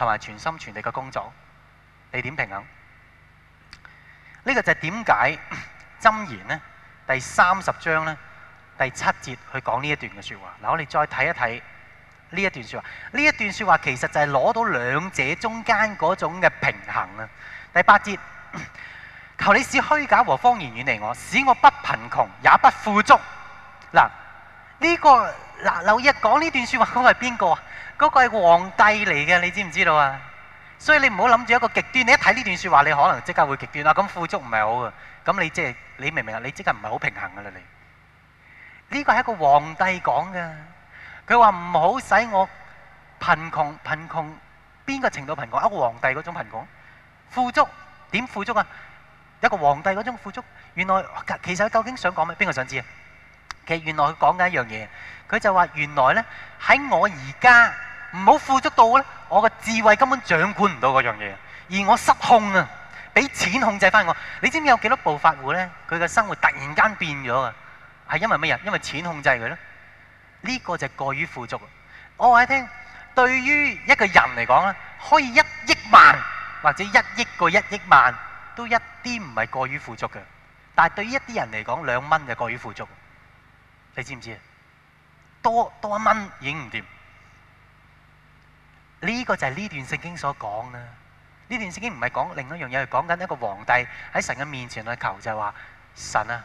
同埋全心全力嘅工作，你點平衡？呢、這個就係點解箴言呢？第三十章呢，第七節去講呢一段嘅說話。嗱，我哋再睇一睇呢一段說話。呢一段說話其實就係攞到兩者中間嗰種嘅平衡啊。第八節，求你使虛假和謊言遠離我，使我不貧窮也不富足。嗱，呢、這個嗱，留意講呢段說話佢係邊個啊？嗰個係皇帝嚟嘅，你知唔知道啊？所以你唔好諗住一個極端。你一睇呢段説話，你可能即刻會極端啊！咁富足唔係好啊，咁你即係你明唔明啊？你即刻唔係好平衡嘅啦，你呢個係一個皇帝講㗎。佢話唔好使我貧窮，貧窮邊個程度貧窮啊？一個皇帝嗰種貧窮，富足點富足啊？一個皇帝嗰種富足，原來其實佢究竟想講咩？邊個想知啊？其實原來佢講緊一樣嘢，佢就話原來咧喺我而家。唔好富足到咧，我嘅智慧根本掌管唔到嗰樣嘢，而我失控啊，俾錢控制翻我。你知唔知有幾多暴發戶咧？佢嘅生活突然間變咗啊，係因為乜嘢？因為錢控制佢咧。呢個就係過於富足。我話你聽，對於一個人嚟講咧，可以一億萬或者一億個一億萬都一啲唔係過於富足嘅。但係對於一啲人嚟講，兩蚊就過於富足。你知唔知啊？多多一蚊已經唔掂。呢個就係呢段聖經所講啦。呢段聖經唔係講另一樣嘢，係講緊一個皇帝喺神嘅面前去求，就係話：神啊，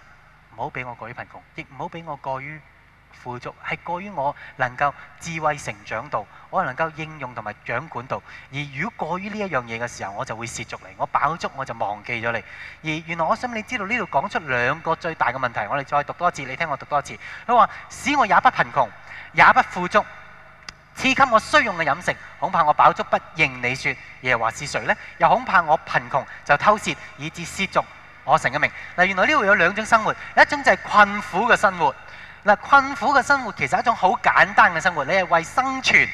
唔好俾我過於貧窮，亦唔好俾我過於富足。係過於我能夠智慧成長到，我能夠應用同埋掌管到。而如果過於呢一樣嘢嘅時候，我就會涉足你，我飽足我就忘記咗你。而原來我想你知道呢度講出兩個最大嘅問題。我哋再讀多次，你聽我讀多次。佢話：使我也不貧窮，也不富足。賜給我需用嘅飲食，恐怕我飽足不認你說耶華是誰呢？又恐怕我貧窮就偷竊，以致褻瀆我神嘅名。嗱，原來呢度有兩種生活，一種就係困苦嘅生活。嗱，困苦嘅生活其實係一種好簡單嘅生活，你係為生存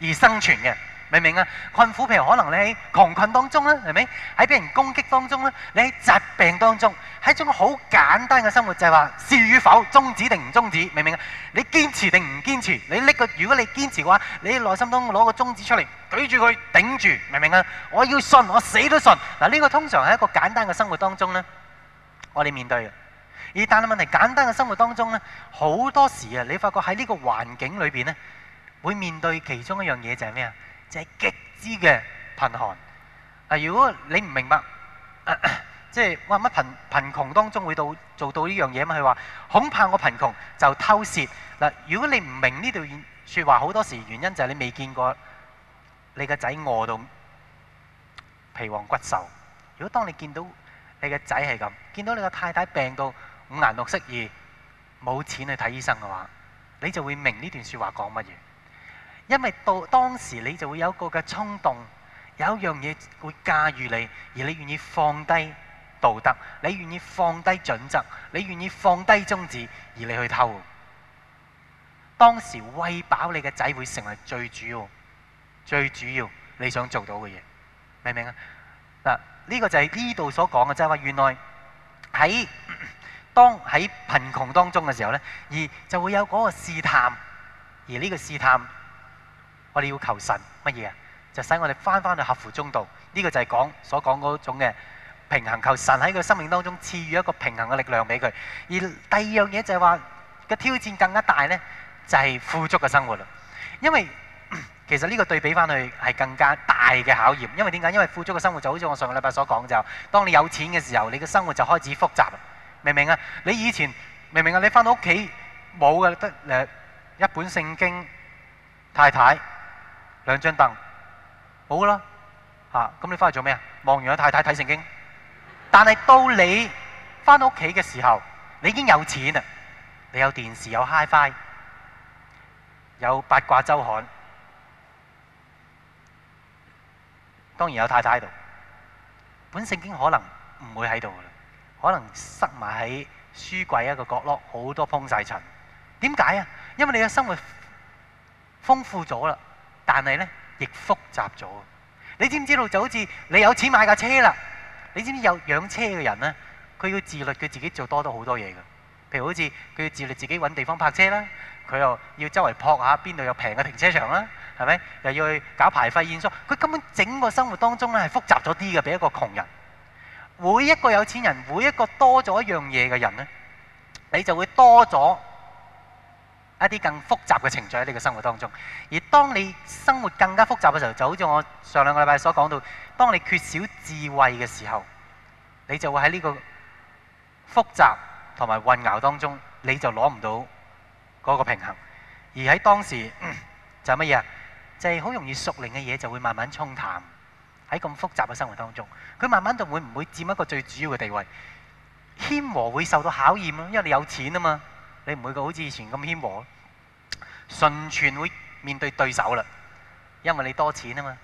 而生存嘅。明唔明啊？困苦譬如可能你喺窮困當中啦，係咪？喺俾人攻擊當中啦，你喺疾病當中，喺一種好簡單嘅生活就係話是與否，終止定唔終止？明唔明啊？你堅持定唔堅持？你搦個，如果你堅持嘅話，你內心中攞個中止出嚟，舉住佢頂住，明唔明啊？我要信，我死都信。嗱，呢個通常喺一個簡單嘅生活當中咧，我哋面對嘅。而但係問題，簡單嘅生活當中咧，好多時啊，你發覺喺呢個環境裏邊咧，會面對其中一樣嘢就係咩啊？就係極之嘅貧寒。啊，如果你唔明白，即係話乜貧貧窮當中會到做到呢樣嘢嘛？佢話恐怕我貧窮就偷竊嗱。如果你唔明呢段説話，好多時原因就係你未見過你個仔餓到皮黃骨瘦。如果當你見到你個仔係咁，見到你個太太病到五顏六色而冇錢去睇醫生嘅話，你就會明呢段説話講乜嘢。因為到當時你就會有一個嘅衝動，有一樣嘢會駕馭你，而你願意放低道德，你願意放低準則，你願意放低宗旨，而你去偷。當時餵飽你嘅仔會成為最主要、最主要你想做到嘅嘢，明唔明啊？嗱，呢個就係呢度所講嘅，即係話原來喺當喺貧窮當中嘅時候咧，而就會有嗰個試探，而呢個試探。我哋要求神乜嘢啊？就使我哋翻返去合乎中道，呢個就係講所講嗰種嘅平衡。求神喺佢生命當中賜予一個平衡嘅力量俾佢。而第二樣嘢就係話個挑戰更加大咧，就係富足嘅生活啦。因為其實呢個對比翻去係更加大嘅考驗。因為點解？因為富足嘅生活就好似我上個禮拜所講嘅就，當你有錢嘅時候，你嘅生活就開始複雜啦。明唔明啊？你以前明唔明啊？你翻到屋企冇嘅得誒一本聖經、太太。兩張凳，好啦，吓，咁你翻去做咩啊？望完個太太睇聖經，但係到你翻屋企嘅時候，你已經有錢啦，你有電視，有 HiFi 有八卦周刊，當然有太太喺度，本聖經可能唔會喺度啦，可能塞埋喺書櫃一個角落，好多封晒塵。點解啊？因為你嘅生活豐富咗啦。但係咧，亦複雜咗。你知唔知道就好似你有錢買架車啦？你知唔知有養車嘅人咧，佢要自律，佢自己做多咗好多嘢㗎。譬如好似佢要自律，自己揾地方泊車啦，佢又要周圍撲下邊度有平嘅停車場啦，係咪？又要去搞排廢煙疏，佢根本整個生活當中咧係複雜咗啲嘅，比一個窮人。每一個有錢人，每一個多咗一樣嘢嘅人咧，你就會多咗一啲更複雜嘅程序喺你嘅生活當中，而當你生活更加複雜嘅時候，就好似我上兩個禮拜所講到，當你缺少智慧嘅時候，你就會喺呢個複雜同埋混淆當中，你就攞唔到嗰個平衡。而喺當時就係乜嘢啊？就係好容易熟練嘅嘢就會慢慢沖淡喺咁複雜嘅生活當中，佢慢慢就會唔會佔一個最主要嘅地位。謙和會受到考驗啊，因為你有錢啊嘛。你唔會個好似以前咁謙和，順全會面對對手啦，因為你多錢啊嘛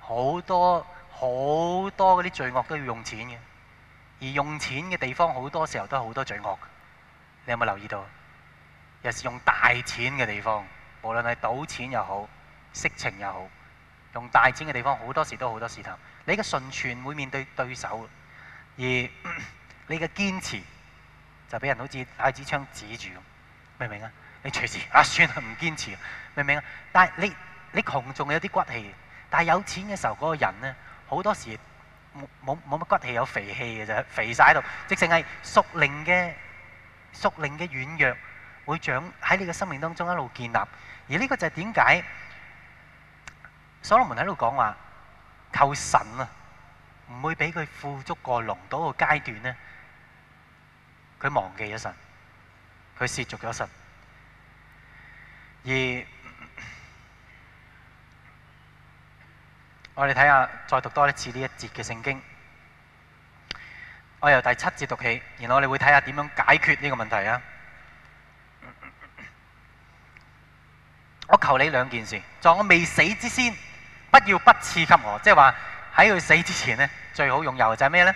好多，好多好多嗰啲罪惡都要用錢嘅，而用錢嘅地方好多時候都好多罪惡，你有冇留意到？有時用大錢嘅地方，無論係賭錢又好、色情又好，用大錢嘅地方好多時都好多事頭。你嘅順全會面對對手，而你嘅堅持，就俾人好似帶支槍指住，明唔明啊？你隨時啊，算啦，唔堅持，明唔明啊？但係你你窮仲有啲骨氣，但係有錢嘅時候，嗰、嗰個人咧好多時冇冇乜骨氣，有肥氣嘅就肥晒喺度。直情係屬靈嘅屬靈嘅軟弱，會長喺你嘅生命當中一路建立。而呢個就係點解所羅門喺度講話靠神啊，唔會俾佢富足過龍到個階段咧。佢忘記咗神，佢涉足咗神。而我哋睇下，再讀多一次呢一節嘅聖經。我由第七節讀起，然後我哋會睇下點樣解決呢個問題啊！我求你兩件事，在我未死之先，不要不賜給我，即係話喺佢死之前咧，最好擁有嘅就係咩咧？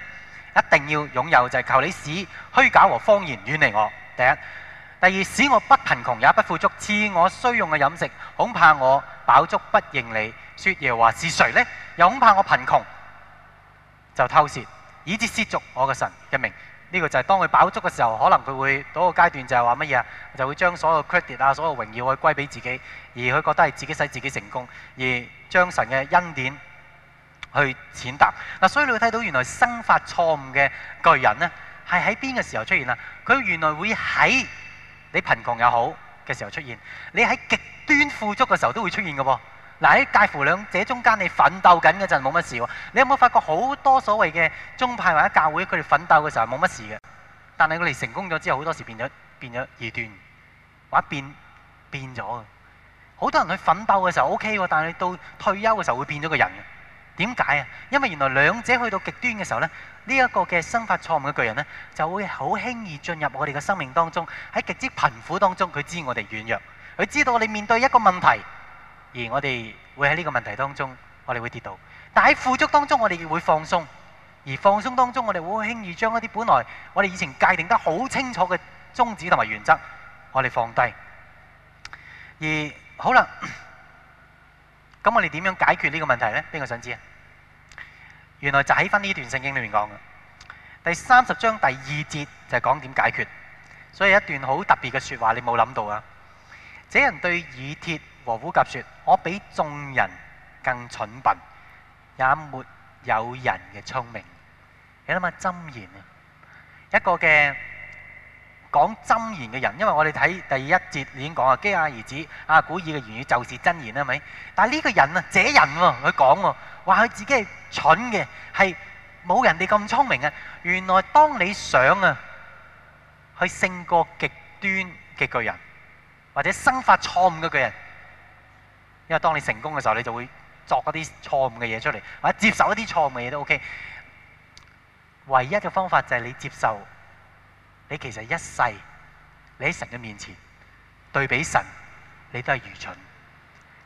一定要擁有就係、是、求你使虛假和謊言遠離我。第一，第二，使我不貧窮也不富足，賜我需用嘅飲食，恐怕我飽足不認你。説耶和華是誰呢？又恐怕我貧窮，就偷竊，以致失足我嘅神嘅名。呢、這個就係當佢飽足嘅時候，可能佢會到個階段就係話乜嘢啊？就會將所有 credit 啊、所有榮耀去歸俾自己，而佢覺得係自己使自己成功，而將神嘅恩典。去踐踏嗱，所以你會睇到原來生發錯誤嘅巨人呢，係喺邊個嘅時候出現啊？佢原來會喺你貧窮又好嘅時候出現，你喺極端富足嘅時候都會出現嘅喎。嗱，喺介乎兩者中間，你奮鬥緊嘅陣冇乜事喎。你有冇發覺好多所謂嘅宗派或者教會，佢哋奮鬥嘅時候冇乜事嘅，但係佢哋成功咗之後，好多時變咗變咗異端或者變變咗。好多人去奮鬥嘅時候 OK 喎，但係到退休嘅時候會變咗個人點解啊？因為原來兩者去到極端嘅時候咧，呢一個嘅生發錯誤嘅巨人咧，就會好輕易進入我哋嘅生命當中。喺極之貧苦當中，佢知我哋軟弱；佢知道我哋面對一個問題，而我哋會喺呢個問題當中，我哋會跌倒。但喺富足當中，我哋會放鬆，而放鬆當中，我哋會輕易將一啲本來我哋以前界定得好清楚嘅宗旨同埋原則，我哋放低。而好啦，咁我哋點樣解決呢個問題呢？邊個想知啊？原來就喺翻呢段聖經裏面講嘅，第三十章第二節就係講點解決，所以一段好特別嘅說話你冇諗到啊！這人對以鐵和烏甲說，我比眾人更蠢笨，也沒有，有人嘅聰明。你諗下真言啊，一個嘅講真言嘅人，因為我哋睇第一節已經講啊，基亞兒子阿古爾嘅言語就是真言啦，係咪？但係呢個人，這人啊，這人喎，佢講喎。話佢自己係蠢嘅，係冇人哋咁聰明嘅。原來當你想啊，去勝過極端嘅巨人，或者生發錯誤嘅巨人，因為當你成功嘅時候，你就會作嗰啲錯誤嘅嘢出嚟，或者接受一啲錯誤嘅嘢都 OK。唯一嘅方法就係你接受，你其實一世你喺神嘅面前對比神，你都係愚蠢。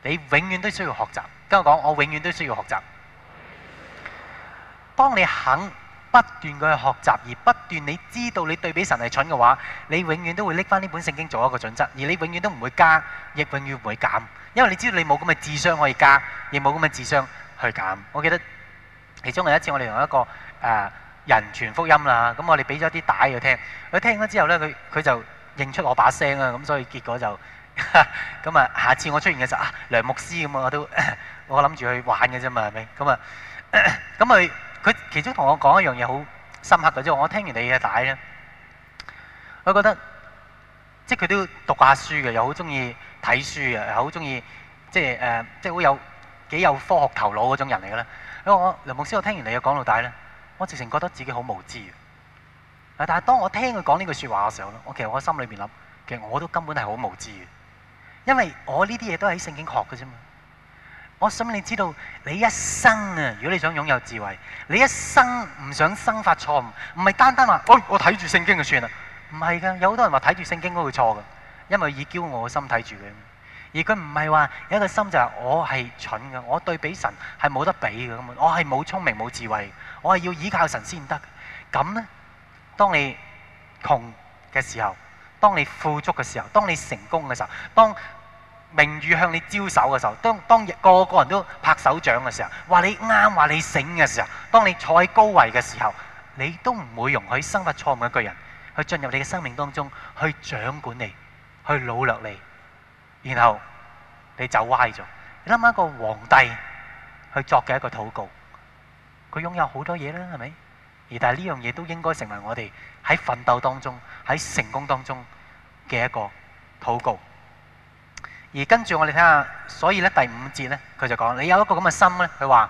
你永遠都需要學習，跟我講，我永遠都需要學習。當你肯不斷咁去學習，而不斷你知道你對比神係蠢嘅話，你永遠都會拎翻呢本聖經做一個準則，而你永遠都唔會加，亦永遠唔會減，因為你知道你冇咁嘅智商可以加，亦冇咁嘅智商去減。我記得其中有一次我哋同一個誒人傳福音啦，咁我哋俾咗啲帶佢聽，佢聽咗之後咧，佢佢就認出我把聲啊，咁所以結果就咁啊，下次我出現嘅時候啊，梁牧師咁啊，我都我諗住去玩嘅啫嘛，係咪？咁啊，咁佢。佢其中同我講一樣嘢好深刻嘅即係，我聽完你嘅帶咧，我覺得即係佢都讀下書嘅，又好中意睇書嘅，又好中意即係誒，即係好、呃、有幾有科學頭腦嗰種人嚟嘅咧。因為我梁牧師，我聽完你嘅講到帶咧，我直情覺得自己好無知嘅。但係當我聽佢講呢句説話嘅時候咧，我其實我心裏邊諗，其實我都根本係好無知嘅，因為我呢啲嘢都喺聖經學嘅啫嘛。我想你知道，你一生啊，如果你想擁有智慧，你一生唔想生發錯誤，唔係單單話，哎，我睇住聖經就算啦。唔係噶，有好多人話睇住聖經都會錯噶，因為以驕傲嘅心睇住佢。而佢唔係話有一個心就係我係蠢噶，我對比神係冇得比嘅咁啊，我係冇聰明冇智慧，我係要倚靠神先得。咁咧，當你窮嘅時候，當你富足嘅時候，當你成功嘅時候，當名譽向你招手嘅時候，當當個個人都拍手掌嘅時候，話你啱，話你醒嘅時候，當你坐喺高位嘅時候，你都唔會容許生活錯誤嘅一個巨人去進入你嘅生命當中，去掌管你，去擄掠你，然後你走歪咗。你諗下一個皇帝去作嘅一個禱告，佢擁有好多嘢啦，係咪？而但係呢樣嘢都應該成為我哋喺奮鬥當中，喺成功當中嘅一個禱告。而跟住我哋睇下，所以咧第五節咧，佢就講，你有一個咁嘅心咧，佢話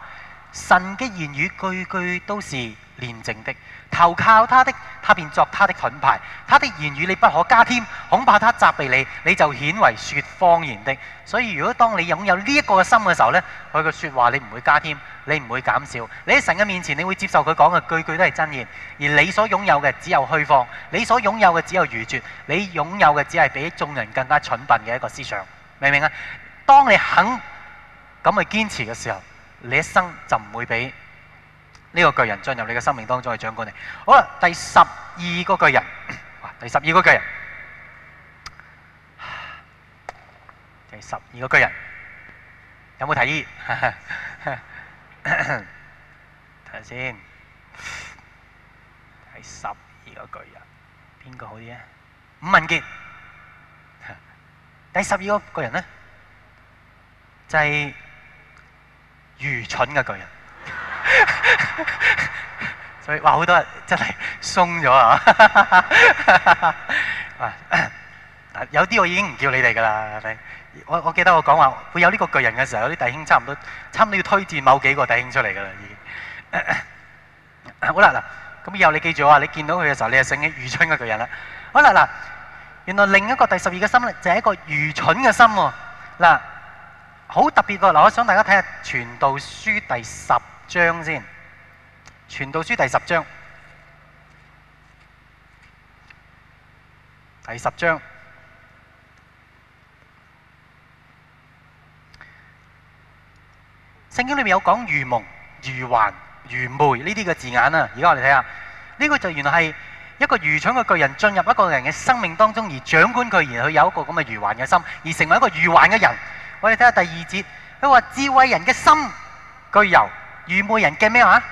神嘅言語句句都是煉淨的，投靠他的，他便作他的盾牌；他的言語你不可加添，恐怕他責備你，你就顯為說謊言的。所以如果當你擁有呢一個心嘅時候咧，佢嘅說話你唔會加添，你唔會減少。你喺神嘅面前，你會接受佢講嘅句句都係真言。而你所擁有嘅只有虛放，你所擁有嘅只有愚拙，你擁有嘅只係比眾人更加蠢笨嘅一個思想。明唔明啊？當你肯咁去堅持嘅時候，你一生就唔會俾呢個巨人進入你嘅生命當中去掌管你。好啦，第十二個巨人，哇！第十二個巨人，第十二個巨人，有冇提議？睇下先，第十二個巨人，邊個好啲啊？伍文傑。第十二個巨人咧，就係愚蠢嘅巨人。所以話好多人真係鬆咗啊！有啲我已經唔叫你哋噶啦，我我記得我講話會有呢個巨人嘅時候，有啲弟兄差唔多差唔多要推薦某幾個弟兄出嚟噶啦，已經。好啦嗱，咁以後你記住啊！你見到佢嘅時候，你就醒起愚蠢嘅巨人啦。好啦嗱。原來另一個第十二嘅心呢就係一個愚蠢嘅心喎。嗱，好特別㗎。嗱，我想大家睇下《傳道書》第十章先，《傳道書》第十章，第十章。聖經裏面有講愚蒙、愚幻、愚昧呢啲嘅字眼啊。而家我哋睇下，呢個就原來係。一個愚蠢嘅巨人進入一個人嘅生命當中而掌管佢，而佢有一個咁嘅愚頑嘅心，而成為一個愚頑嘅人。我哋睇下第二節，佢話智慧人嘅心居右，愚昧人嘅咩話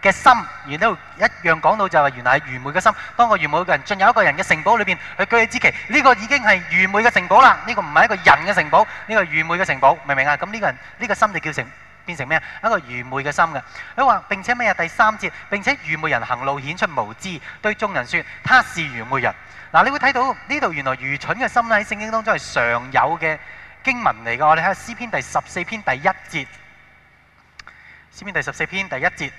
嘅心，而都一樣講到就係原來係愚昧嘅心。當個愚昧嘅人進入一個人嘅城堡裏邊，佢居知其呢個已經係愚昧嘅城堡啦，呢個唔係一個人嘅城堡，呢個愚昧嘅城堡，明唔明啊？咁呢個人呢個心就叫城。變成咩啊？一個愚昧嘅心嘅，佢話並且咩啊？第三節，並且愚昧人行路顯出無知，對眾人說他是愚昧人。嗱，你會睇到呢度原來愚蠢嘅心咧喺聖經當中係常有嘅經文嚟嘅。我哋睇下詩篇第十四篇第一節，詩篇第十四篇第一節，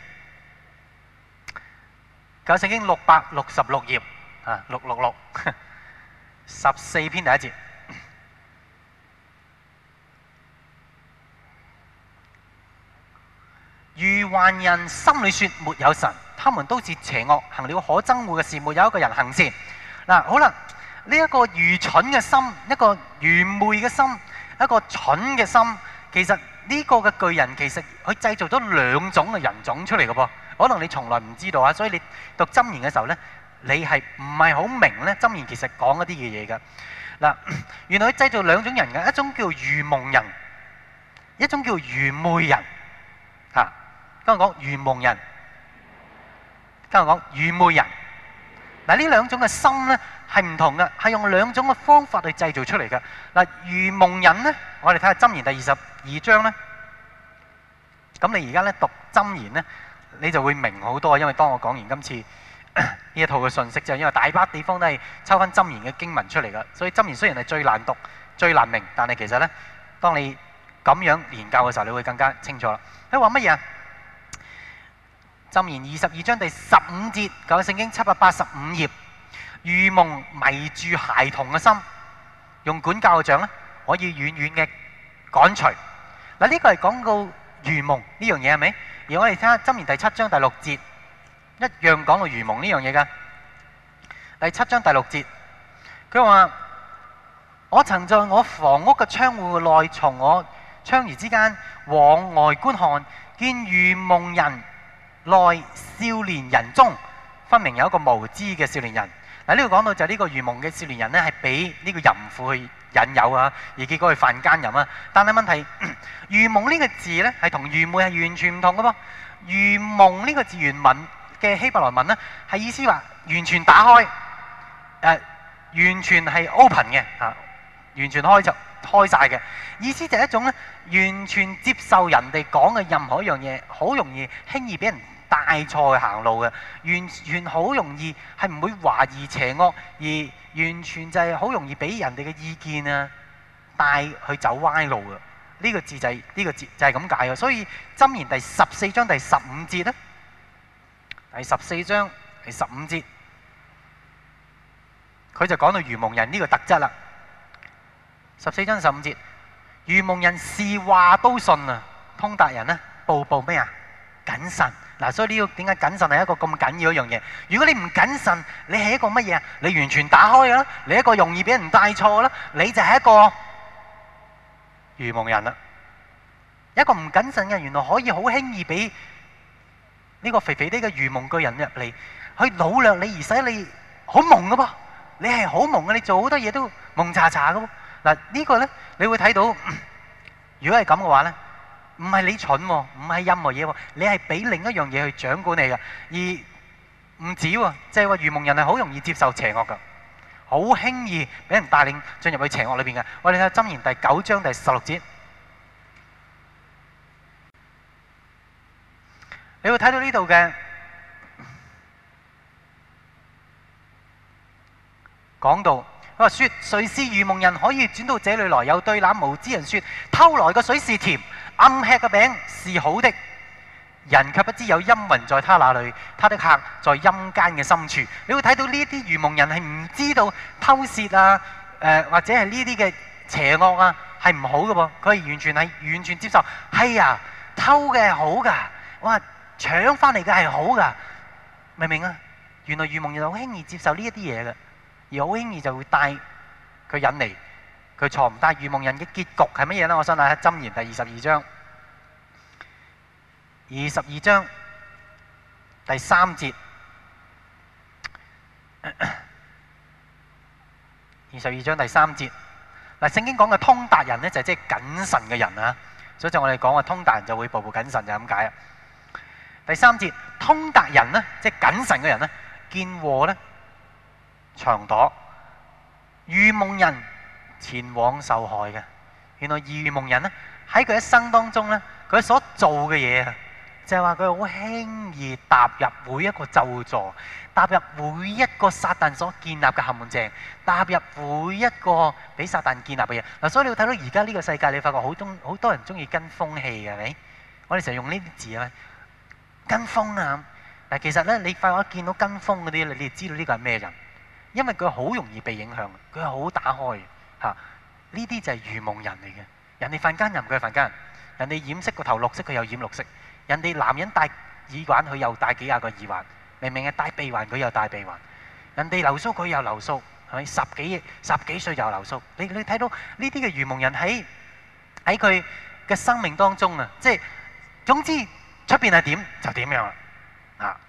九聖經六百六十六頁啊，六六六，十四篇第一節。愚頑人心裡說：沒有神，他們都是邪惡，行了可憎惡嘅事，沒有一個人行善。嗱，好啦，呢一個愚蠢嘅心，一個愚昧嘅心，一個蠢嘅心，其實呢個嘅巨人其實佢製造咗兩種嘅人種出嚟嘅噃。可能你從來唔知道啊，所以你讀箴言嘅時候咧，你係唔係好明咧？箴言其實講一啲嘅嘢嘅。嗱，原來佢製造兩種人嘅，一種叫愚蒙人，一種叫愚昧人，吓。今日講愚蒙人，聽日講愚昧人。嗱，呢兩種嘅心咧，係唔同嘅，係用兩種嘅方法去製造出嚟嘅。嗱，愚蒙人咧，我哋睇下《箴言》第二十二章咧。咁你而家咧讀《箴言》咧，你就會明好多，因為當我講完今次呢一套嘅信息之後，因為大把地方都係抽翻《箴言》嘅經文出嚟嘅。所以《箴言》雖然係最難讀、最難明，但係其實咧，當你咁樣研究嘅時候，你會更加清楚啦。你話乜嘢啊？箴言二十二章第十五節，講聖經七百八十五頁，愚蒙迷住孩童嘅心，用管教嘅杖咧，可以遠遠嘅趕除。嗱、這、呢個係講到愚蒙呢樣嘢係咪？而我哋睇下《箴言第七章第六節，一樣講到愚蒙呢樣嘢噶。第七章第六節，佢話：我曾在我房屋嘅窗戶內，從我窗櫺之間往外觀看，見愚蒙人。內少年人中，分明有一個無知嘅少年人。嗱，呢度講到就係呢個愚蒙嘅少年人呢係俾呢個淫婦去引誘啊，而結果去犯奸淫啊。但係問題，愚蒙呢個字呢，係同愚昧係完全唔同嘅噃。愚蒙呢個字原文嘅希伯來文呢，係意思話完全打開，誒、呃，完全係 open 嘅嚇、啊，完全開就開曬嘅。意思就係一種咧，完全接受人哋講嘅任何一樣嘢，好容易輕易俾人。大錯去行路嘅，完全好容易係唔會懷疑邪惡，而完全就係好容易俾人哋嘅意見啊帶佢走歪路啊！呢、這個字就係、是、呢、這個字就係咁解啊！所以《箴言》第十四章第十五節呢，第十四章第十五節，佢就講到愚蒙人呢個特質啦。十四章十五節，愚蒙人是話都信啊！通達人咧，步步咩啊？謹慎，嗱，所以你要點解謹慎係一個咁緊要一樣嘢？如果你唔謹慎，你係一個乜嘢啊？你完全打開㗎啦，你一個容易俾人帶錯啦，你就係一個愚蒙人啦。一個唔謹慎嘅人，原來可以好輕易俾呢個肥肥啲嘅愚蒙巨人入嚟，去撈亂你而使你好蒙嘅噃。你係好蒙嘅，你做好多嘢都蒙查查嘅喎。嗱，呢個咧，你會睇到，如果係咁嘅話咧。唔係你蠢喎，唔係任何嘢喎，你係俾另一樣嘢去掌管你嘅，而唔止喎，即係話愚蒙人係好容易接受邪惡嘅，好輕易俾人帶領進入去邪惡裏邊嘅。我哋睇下《箴言》第九章第十六節，你會睇到呢度嘅講到。我話説，誰是愚蒙人？可以轉到這裡來，有對那無知人説：偷來個水是甜，暗吃個餅是好的。人卻不知有陰魂在他那裏，他的客在陰間嘅深處。你會睇到呢啲愚蒙人係唔知道偷竊啊，呃、或者係呢啲嘅邪惡啊，係唔好嘅噃。佢係完全係完全接受，係呀、啊，偷嘅係好噶，我話搶翻嚟嘅係好噶，明唔明啊？原來愚蒙人好輕易接受呢一啲嘢嘅。而好輕易就會帶佢引嚟，佢錯唔得。愚蒙人嘅結局係乜嘢咧？我想睇下《箴言》第二十二章，二十二章第三節。二十二章第三節，嗱，聖經講嘅通達人咧就即係謹慎嘅人啦。所以就我哋講嘅通達人就會步步謹慎就咁解啦。第三節，通達人咧，即係謹慎嘅人咧，見禍咧。長躲預夢人前往受害嘅，原來預夢人呢，喺佢一生當中呢，佢所做嘅嘢啊，就係話佢好輕易踏入每一個就座，踏入每一個撒旦所建立嘅陷阱，踏入每一個俾撒旦建立嘅嘢。嗱，所以你睇到而家呢個世界，你發覺好多好多人中意跟風氣嘅，係咪？我哋成日用呢啲字咧，跟風啊！嗱，其實呢，你發覺一見到跟風嗰啲，你哋知道呢個係咩人。因為佢好容易被影響，佢好打開嚇。呢啲就係愚蒙人嚟嘅。人哋犯姦淫，佢係犯姦淫。人哋染色個頭綠色，佢又染綠色。人哋男人戴耳環，佢又戴幾廿個耳環。明明係戴鼻環，佢又戴鼻環。人哋留鬚，佢又留鬚，係咪十幾十幾歲又留鬚？你你睇到呢啲嘅愚蒙人喺喺佢嘅生命當中啊，即係總之出邊係點就點樣啦啊！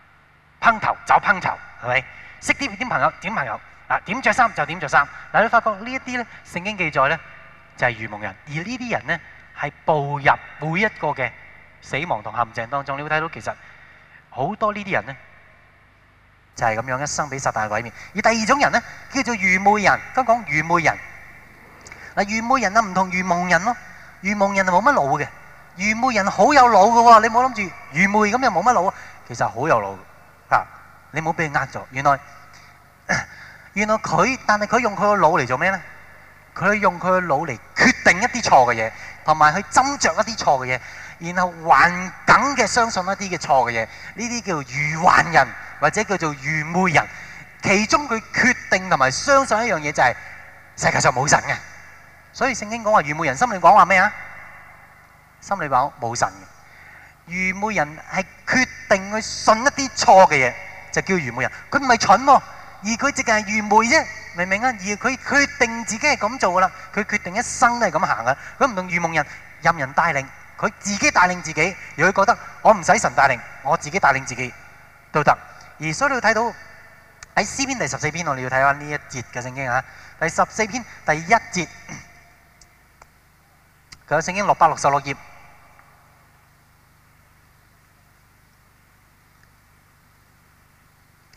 拋頭走拋頭，係咪？識啲啲朋友點朋友啊？點着衫就點着衫。嗱，你發覺呢一啲咧，聖經記載咧就係、是、愚蒙人，而這些人呢啲人咧係步入每一個嘅死亡同陷阱當中。你會睇到其實好多這些呢啲人咧就係、是、咁樣一生俾撒但毀滅。而第二種人咧叫做愚昧人，都講愚昧人。嗱，愚昧人啊唔同愚蒙人咯。愚蒙人係冇乜腦嘅，愚昧人好有腦嘅喎。你唔好諗住愚昧咁就冇乜腦啊？其實好有腦。你冇俾佢呃咗，原來原來佢，但係佢用佢個腦嚟做咩咧？佢用佢個腦嚟決定一啲錯嘅嘢，同埋去斟酌一啲錯嘅嘢，然後還梗嘅相信一啲嘅錯嘅嘢，呢啲叫愚頑人或者叫做愚昧人。其中佢決定同埋相信一樣嘢就係世界上冇神嘅。所以聖經講話愚昧人心裏講話咩啊？心裏講冇神嘅。愚昧人係決定去信一啲錯嘅嘢。就叫愚昧人，佢唔係蠢，而佢直係愚昧啫，明唔明啊？而佢決定自己係咁做噶啦，佢決定一生都係咁行噶。佢唔同愚昧人任人帶領，佢自己帶領自己，而佢覺得我唔使神帶領，我自己帶領自己都得。而所以你要睇到喺詩篇第十四篇，我哋要睇翻呢一節嘅聖經啊。第十四篇第一節，佢有聖經六百六十六頁。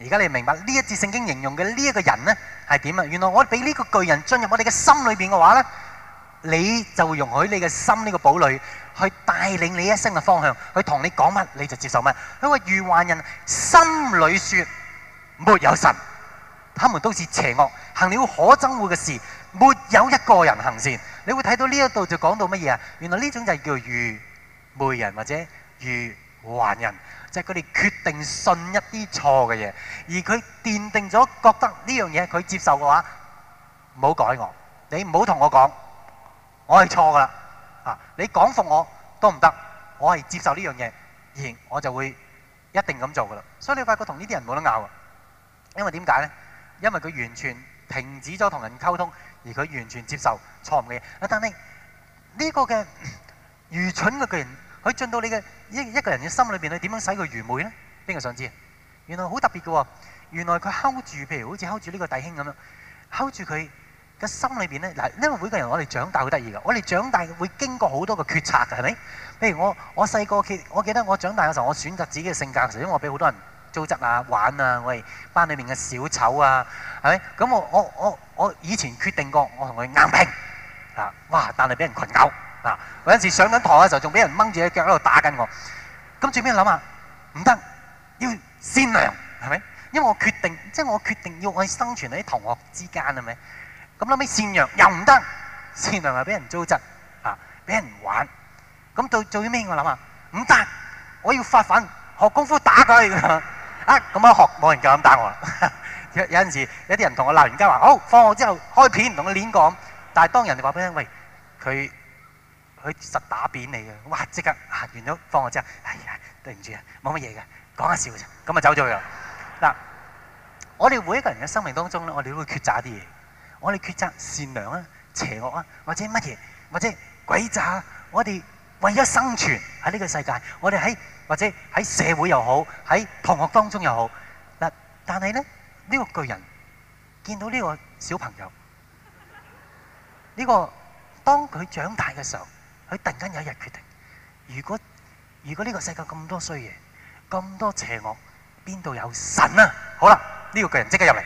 而家你明白呢一節聖經形容嘅呢一個人呢係點啊？原來我俾呢個巨人進入我哋嘅心裏邊嘅話呢，你就會容許你嘅心呢個堡壘去帶領你一生嘅方向，去同你講乜你就接受乜。因為愚頑人心裏說沒有神，他們都是邪惡，行了可憎惡嘅事，沒有一個人行善。你會睇到呢一度就講到乜嘢啊？原來呢種就係叫愚昧人或者愚頑人。就係佢哋決定信一啲錯嘅嘢，而佢奠定咗覺得呢樣嘢佢接受嘅話，唔好改我，你唔好同我講，我係錯噶啦，啊，你講服我都唔得，我係接受呢樣嘢，而我就會一定咁做噶啦。所以你發覺同呢啲人冇得拗，因為點解呢？因為佢完全停止咗同人溝通，而佢完全接受錯誤嘅嘢。但係呢個嘅愚蠢嘅巨人，佢進到你嘅一一個人嘅心裏邊，你點樣使佢愚昧咧？邊個想知道？原來好特別嘅喎，原來佢 hold 住，譬如好似 hold 住呢個弟兄咁樣，hold 住佢嘅心裏邊咧。嗱，因為每個人我哋長大好得意嘅，我哋長大會經過好多個決策嘅，係咪？譬如我我，細個我記得我長大嘅時候，我選擇自己嘅性格嘅時候，因為我俾好多人糟質啊、玩啊，我係班裏面嘅小丑啊，係咪？咁我我我我以前決定過，我同佢硬拼啊！哇，但係俾人群毆。嗱，有陣時上緊堂嘅時候，仲俾人掹住隻腳喺度打緊我。咁最尾諗下，唔得，要善良係咪？因為我決定，即係我決定要去生存喺同學之間係咪？咁諗起善良又唔得，善良係俾人糟質，啊，俾人玩。咁到最尾我諗下，唔得，我要發奮學功夫打佢。啊，咁樣學冇人夠膽打我。有有陣時有啲人同我鬧完交話，好放學之後開片同佢練講。但係當人哋話俾我聽，喂，佢。佢實打扁你嘅，哇！即刻啊，完咗放學之後，哎呀，對唔住啊，冇乜嘢嘅，講下笑啫，咁啊走咗佢啦。嗱，我哋每一個人嘅生命當中咧，我哋都會抉擇一啲嘢，我哋抉擇善良啊、邪惡啊，或者乜嘢，或者鬼詐啊。我哋為咗生存喺呢個世界，我哋喺或者喺社會又好，喺同學當中又好。嗱，但係咧，呢個巨人見到呢個小朋友，呢個當佢長大嘅時候。佢突然間有一日決定，如果如果呢個世界咁多衰嘢，咁多邪惡，邊度有神啊？好啦，呢個巨人即刻入嚟。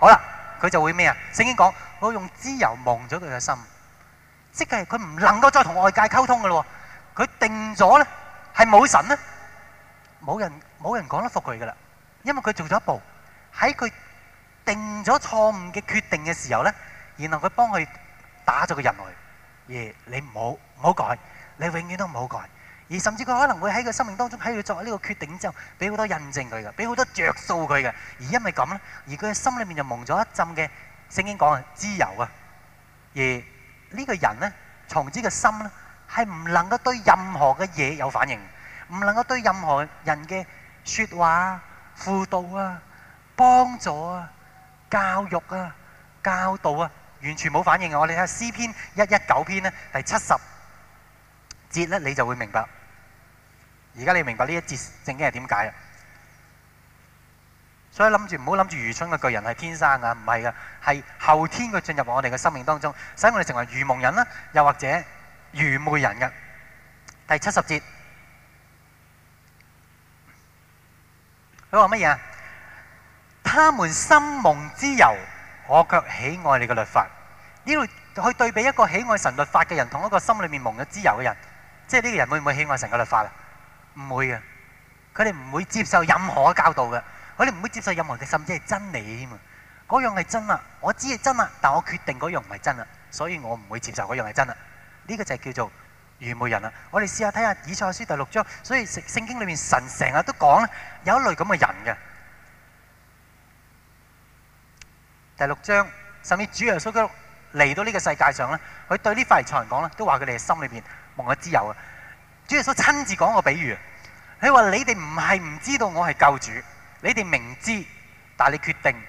好啦，佢就會咩啊？聖經講，我用脂油蒙咗佢嘅心，即係佢唔能夠再同外界溝通嘅咯。佢定咗咧，係冇神咧，冇人冇人講得服佢噶啦。因為佢做咗一步，喺佢定咗錯誤嘅決定嘅時候咧，然後佢幫佢打咗個人去。而，你唔好唔好改，你永遠都唔好改。而甚至佢可能會喺佢生命當中喺佢作為呢個決定之後，俾好多印證佢嘅，俾好多著數佢嘅。而因為咁咧，而佢心裏面就蒙咗一陣嘅聖經講啊自由啊。而呢個人咧，從此嘅心咧，係唔能夠對任何嘅嘢有反應，唔能夠對任何人嘅説話、輔導啊、幫助啊、教育啊、教導啊。完全冇反應啊！我哋睇《詩篇》一一九篇咧，第七十節咧，你就會明白。而家你明白呢一節聖經係點解啊？所以諗住唔好諗住愚蠢嘅巨人係天生噶，唔係噶，係後天佢進入我哋嘅生命當中，使我哋成為愚蒙人啦，又或者愚昧人嘅。第七十節，佢話乜嘢啊？他們心蒙脂油。我卻喜愛你嘅律法，呢度去對比一個喜愛神律法嘅人，同一個心裏面蒙咗脂油嘅人，即係呢個人會唔會喜愛神嘅律法啊？唔會啊，佢哋唔會接受任何嘅教導嘅，佢哋唔會接受任何嘅，甚至係真理添啊嘛，嗰樣係真啊，我知係真啊，但我決定嗰樣唔係真啊，所以我唔會接受嗰樣係真啊。呢、這個就係叫做愚昧人啊。我哋試下睇下以賽書第六章，所以聖經裏面，神成日都講有一類咁嘅人嘅。第六章，甚至主耶穌都嚟到呢個世界上呢，佢對呢班法利賽人講呢，都話佢哋心裏邊蒙了脂油啊！主耶穌親自講個比喻啊，佢話：你哋唔係唔知道我係救主，你哋明知，但係你決定，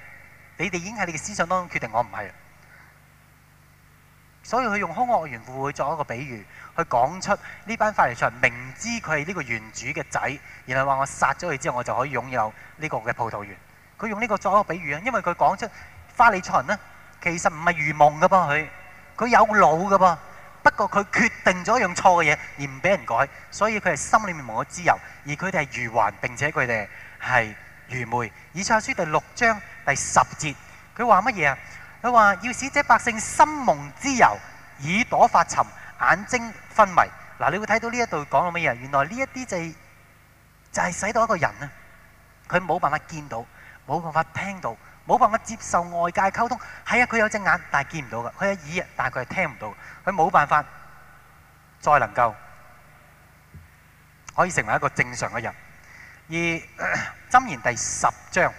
你哋已經喺你嘅思想當中決定我唔係。所以佢用兇惡嘅園戶去作一個比喻，去講出呢班法利賽人明知佢係呢個園主嘅仔，然後話我殺咗佢之後，我就可以擁有呢個嘅葡萄園。佢用呢個作一個比喻啊，因為佢講出。法利賽人呢？其實唔係愚蒙㗎噃，佢佢有腦㗎噃。不過佢決定咗一樣錯嘅嘢，而唔俾人改，所以佢係心裏面無咗自由。而佢哋係愚頑，並且佢哋係愚昧。以賽亞書第六章第十節，佢話乜嘢啊？佢話要使這百姓心蒙脂油，耳朵發沉，眼睛昏迷。嗱，你會睇到呢一度講到乜嘢？原來呢一啲就係、是、就係、是、使到一個人呢，佢冇辦法見到，冇辦法聽到。冇辦法接受外界溝通。係啊，佢有隻眼，但係見唔到㗎；佢有耳，但係佢係聽唔到。佢冇辦法再能夠可以成為一個正常嘅人。而《箴言》第十章，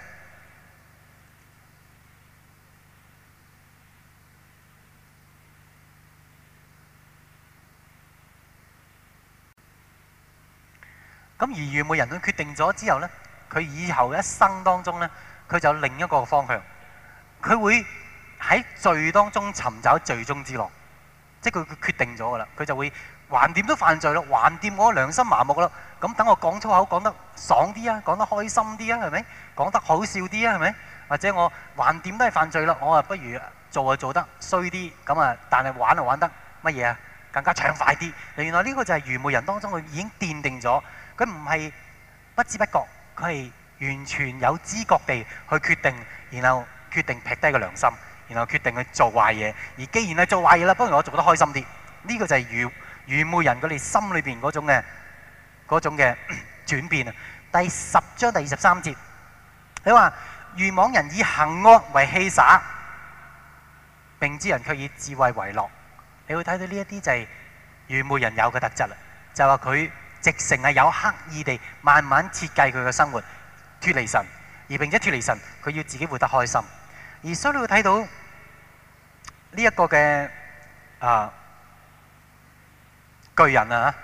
咁而愚昧人佢決定咗之後咧，佢以後嘅一生當中咧。佢就另一個方向，佢會喺罪當中尋找罪中之樂，即係佢佢決定咗噶啦，佢就會橫掂都犯罪咯，橫掂我良心麻木咯，咁等我講粗口，講得爽啲啊，講得開心啲啊，係咪？講得好笑啲啊，係咪？或者我橫掂都係犯罪咯，我啊不如做就做得衰啲，咁啊但係玩就玩得乜嘢啊更加暢快啲。原來呢個就係愚昧人當中佢已經奠定咗，佢唔係不知不覺，佢係。完全有知覺地去決定，然後決定撇低個良心，然後決定去做壞嘢。而既然係做壞嘢啦，不如我做得開心啲。呢、這個就係愚愚昧人佢哋心裏面嗰種嘅嗰種嘅轉變啊。第十章第二十三節，你話愚妄人以行惡為戲耍，明哲人卻以智慧為樂。你會睇到呢一啲就係愚昧人有嘅特質啦。就話、是、佢直情係有刻意地慢慢設計佢嘅生活。脫離神，而並且脫離神，佢要自己活得開心。而所以你會睇到呢一、這個嘅啊巨人啊，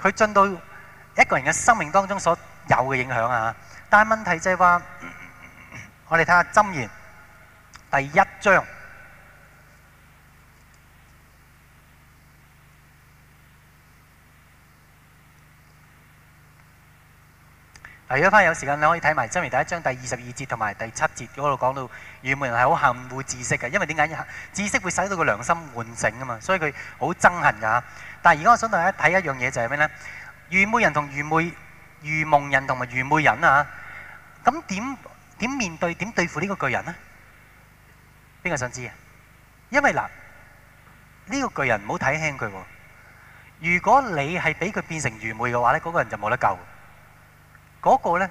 佢進到一個人嘅生命當中所有嘅影響啊。但係問題就係、是、話，我哋睇下箴言第一章。係，如果翻有時間，你可以睇埋《箴言》第一章第二十二節同埋第七節，嗰度講到愚昧人係好含糊知識嘅，因為點解呢？知識會使到個良心喚醒啊嘛，所以佢好憎恨噶嚇。但係而家我想大家睇一樣嘢就係咩咧？愚昧人同愚昧愚蒙人同埋愚昧人啊嚇，咁點點面對點對付呢個巨人咧？邊個想知啊？因為嗱，呢個巨人唔好睇輕佢喎。如果你係俾佢變成愚昧嘅話咧，嗰個人就冇得救。嗰、那個咧，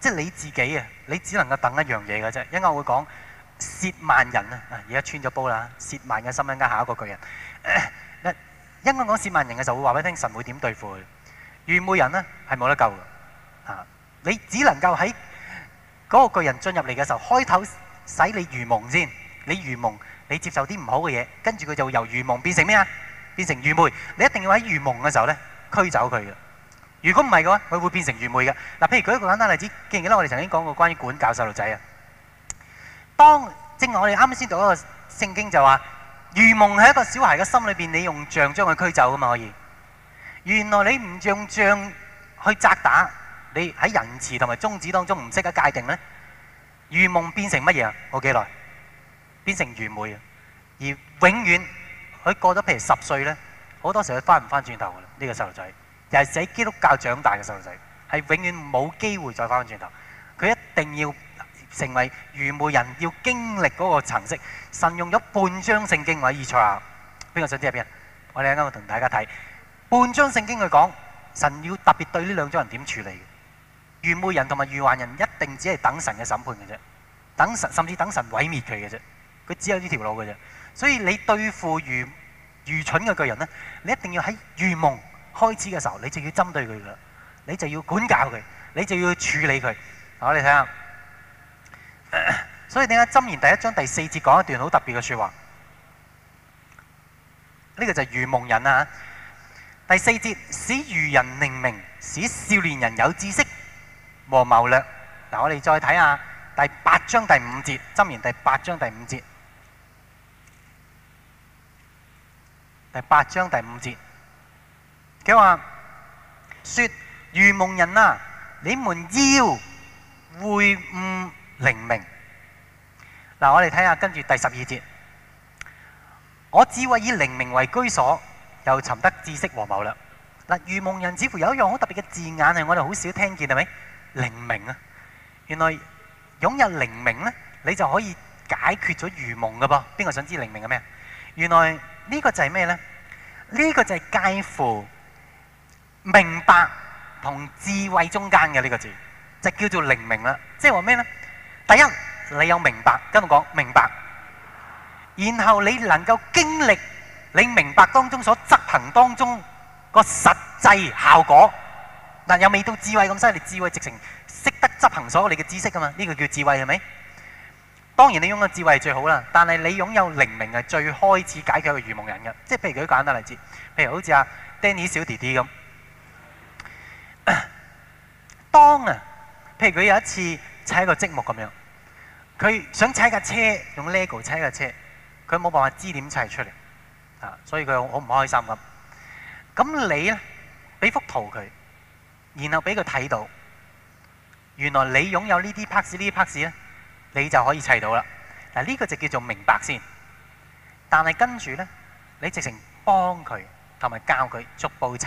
即係你自己你會會了了、呃、你啊！你只能夠等一樣嘢嘅啫。一陣間我會講蝕萬人啊！而家穿咗煲啦，蝕萬嘅心。而家下一個巨人，一陣間講蝕萬人嘅時候，會話俾你聽神會點對付佢。愚昧人呢，係冇得救嘅嚇。你只能夠喺嗰個巨人進入嚟嘅時候，開頭使你愚蒙先，你愚蒙，你接受啲唔好嘅嘢，跟住佢就會由愚蒙變成咩啊？變成愚昧。你一定要喺愚蒙嘅時候咧，驅走佢嘅。如果唔係嘅話，佢會變成愚昧嘅。嗱，譬如舉一個簡單例子，記唔記得我哋曾經講過關於管教細路仔啊？當正我哋啱先讀一個聖經就話，愚蒙係一個小孩嘅心裏邊，你用杖將佢驅走嘅嘛可以。原來你唔用杖去責打，你喺仁慈同埋宗旨當中唔識得界定咧，愚蒙變成乜嘢啊？冇幾耐，變成愚昧。而永遠佢過咗譬如十歲咧，好多時候佢翻唔翻轉頭嘅啦，呢、這個細路仔。又係喺基督教長大嘅細路仔，係永遠冇機會再翻翻轉頭。佢一定要成為愚昧人，要經歷嗰個層次。神用咗半章聖經喎，而除下邊個章節入邊？我哋喺啱啱同大家睇半章聖經，佢講神要特別對呢兩種人點處理。愚昧人同埋愚頑人一定只係等神嘅審判嘅啫，等神甚至等神毀滅佢嘅啫。佢只有呢條路嘅啫。所以你對付愚愚蠢嘅巨人呢，你一定要喺愚蒙。開始嘅時候，你就要針對佢啦，你就要管教佢，你就要處理佢。嗱，我哋睇下，所以點解《箴言》第一章第四節講一段好特別嘅説話？呢個就係愚蒙人啊！第四節使愚人靈明，使少年人有知識和謀略。嗱，我哋再睇下第八章第五節，《箴言》第八章第五節，第八章第五節。佢話：說愚蒙人啊，你們要會悟靈明。嗱，我哋睇下跟住第十二節，我智慧以靈明為居所，又尋得知識和謀略。嗱，愚蒙人似乎有一樣好特別嘅字眼，係我哋好少聽見係咪？靈明啊，原來擁有靈明咧，你就可以解決咗愚蒙㗎噃。邊個想知靈明係咩？原來呢個就係咩咧？呢個就係介乎。明白同智慧中間嘅呢個字，就叫做靈明啦。即係話咩呢？第一，你有明白，跟住講明白，然後你能夠經歷你明白當中所執行當中個實際效果。嗱，又未到智慧咁犀利。智慧直情識得執行所有你嘅知識噶嘛？呢個叫智慧係咪？當然你擁有智慧係最好啦，但係你擁有靈明係最開始解決個愚蒙人嘅。即係譬如舉個簡單例子，譬如好似阿 Danny 小弟弟咁。當啊，譬如佢有一次砌一個積木咁樣，佢想砌架車，用 LEGO 砌架車，佢冇辦法知點砌出嚟，啊，所以佢好唔開心咁。咁你咧，俾幅圖佢，然後俾佢睇到，原來你擁有呢啲 parts 呢啲 parts 咧，你就可以砌到啦。嗱，呢個就叫做明白先。但係跟住咧，你直情幫佢同埋教佢逐步砌，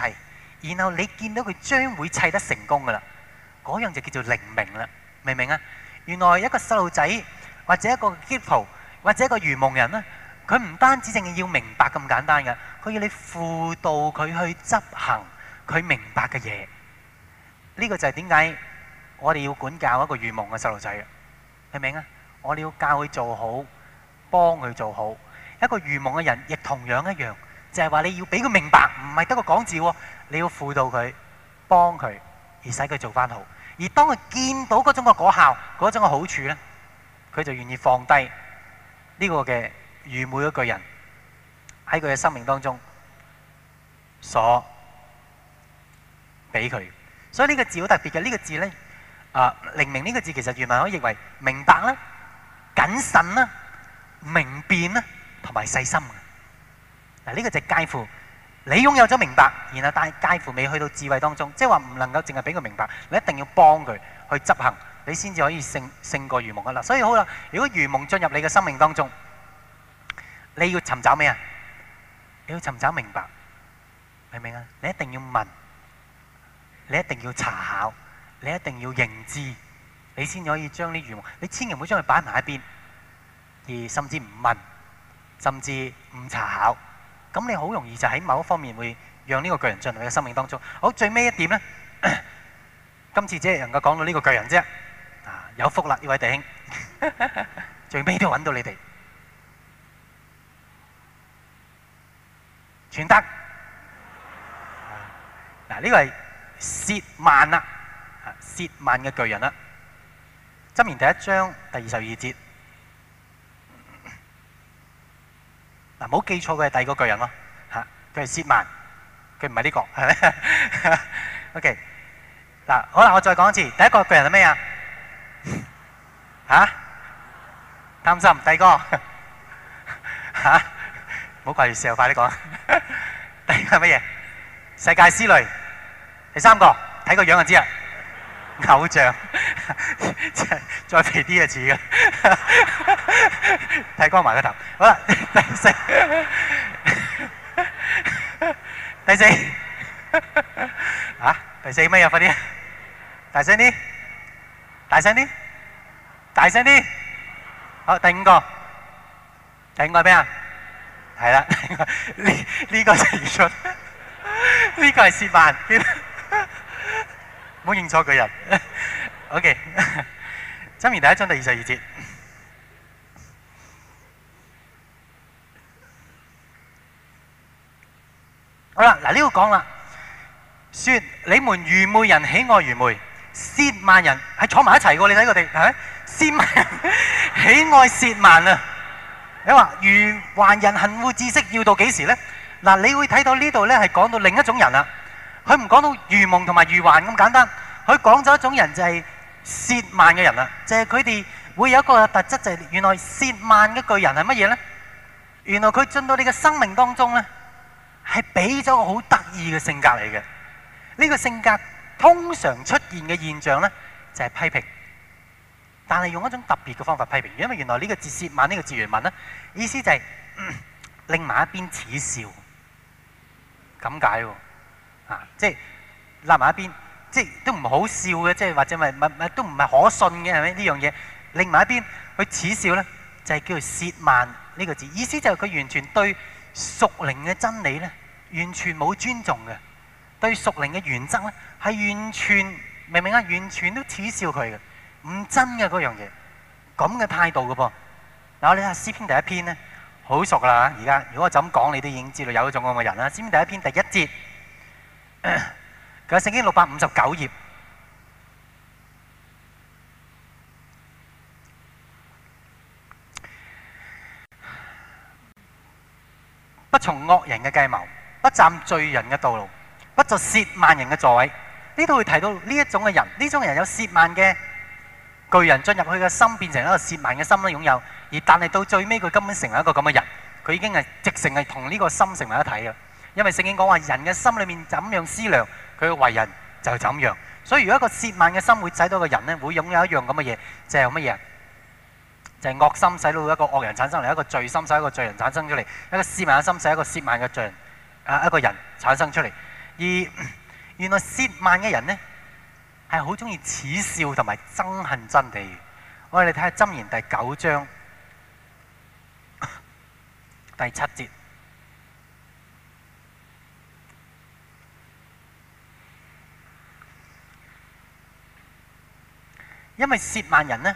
然後你見到佢將會砌得成功噶啦。嗰樣就叫做靈明啦，明唔明啊？原來一個細路仔或者一個基督徒或者一個愚蒙人咧，佢唔單止淨係要明白咁簡單嘅，佢要你輔導佢去執行佢明白嘅嘢。呢個就係點解我哋要管教一個愚蒙嘅細路仔啊？明唔明啊？我哋要教佢做好，幫佢做好。一個愚蒙嘅人亦同樣一樣，就係話你要俾佢明白，唔係得個講字喎，你要輔導佢，幫佢。而使佢做翻好，而當佢見到嗰種嘅果效，嗰種嘅好處咧，佢就願意放低呢個嘅愚昧嗰個人喺佢嘅生命當中所俾佢。所以呢個字好特別嘅，呢個字咧，啊，明明呢個字其實原來可以譯為明白啦、謹慎啦、明辨啦同埋細心嘅。嗱，呢個就係介乎。你擁有咗明白，然後但係介乎未去到智慧當中，即係話唔能夠淨係俾佢明白，你一定要幫佢去執行，你先至可以勝勝過愚蒙噶啦。所以好啦，如果愚蒙進入你嘅生命當中，你要尋找咩啊？你要尋找明白，明唔明啊？你一定要問，你一定要查考，你一定要認知，你先至可以將啲愚蒙。你千祈唔好將佢擺埋一邊，而甚至唔問，甚至唔查考。咁你好容易就喺某一方面會讓呢個巨人進入你嘅生命當中。好，最尾一點咧，今次只係能夠講到呢個巨人啫。啊，有福啦，呢位弟兄，最尾都搵到你哋，全得。嗱，呢個係薛曼啊，薛曼嘅巨人啦，《箴言》第一章第二十二節。嗱，唔好記錯佢係第二個巨人咯，嚇，佢係薛曼，佢唔係呢個，係咪？OK，嗱，好啦，我再講一次，第一個巨人係咩啊？嚇？Thomson 第一個，嚇？唔好掛住笑，快啲講。第二個係乜嘢？世界之類。第三個睇個樣就知啦。偶像，再肥啲嘅似嘅，剃光埋個頭。好啦，第四，第四，啊，第四咩啊？快啲，大聲啲，大聲啲，大聲啲。好，第五個，第五個咩啊？係啦，呢呢個就係演出，呢個係示範。唔好認錯個人。OK，箴言第一章第二十二節。好啦，嗱呢度講啦，說你們愚昧人喜愛愚昧，褻慢人係坐埋一齊嘅，你睇佢哋係咪？褻慢人喜愛褻慢啊！你話愚頑人恨惡知識要到幾時咧？嗱，你會睇到呢度咧係講到另一種人啦。佢唔講到愚蒙同埋愚頑咁簡單，佢講咗一種人就係褻慢嘅人啦。就係佢哋會有一個特質，就係原來褻慢嘅巨人係乜嘢呢？原來佢進到你嘅生命當中呢，係俾咗個好得意嘅性格嚟嘅。呢個性格通常出現嘅現象呢，就係批評，但係用一種特別嘅方法批評。因為原來呢個褻慢，呢個字原文呢，意思就係、是嗯、另埋一邊恥笑，咁解喎。即係立埋一邊，即係都唔好笑嘅，即係或者咪咪咪都唔係可信嘅，係咪呢樣嘢？另埋一邊，佢恥笑咧，就係、是、叫做「褻慢」呢、呢個字，意思就係佢完全對屬靈嘅真理咧，完全冇尊重嘅，對屬靈嘅原則咧，係完全明唔明啊？完全都恥笑佢嘅，唔真嘅嗰樣嘢，咁嘅態度嘅噃。嗱，我哋睇《詩篇》第一篇咧，好熟噶啦，而家如果我就咁講，你都已經知道有呢種咁嘅人啦。《詩篇》第一篇第一節。佢係聖經六百五十九頁，不從惡人嘅計謀，不站罪人嘅道路，不坐褻慢人嘅座位。呢度會提到呢一種嘅人，呢種人有褻慢嘅巨人進入佢嘅心，變成一個褻慢嘅心咧，擁有。而但係到最尾，佢根本成為一個咁嘅人，佢已經係直成係同呢個心成為一體嘅。因為聖經講話人嘅心裏面怎樣思量，佢嘅為人就係怎樣。所以如果一個褻慢嘅心會使到一個人咧，會擁有一樣咁嘅嘢，就係乜嘢？就係、是、惡心使到一個惡人產生嚟，一個罪心使一個罪人產生出嚟，一個褻慢嘅心使一個褻慢嘅罪人啊一個人產生出嚟。而原來褻慢嘅人咧係好中意恥笑同埋憎恨真理。我哋睇下箴言第九章第七節。因為褻慢人呢，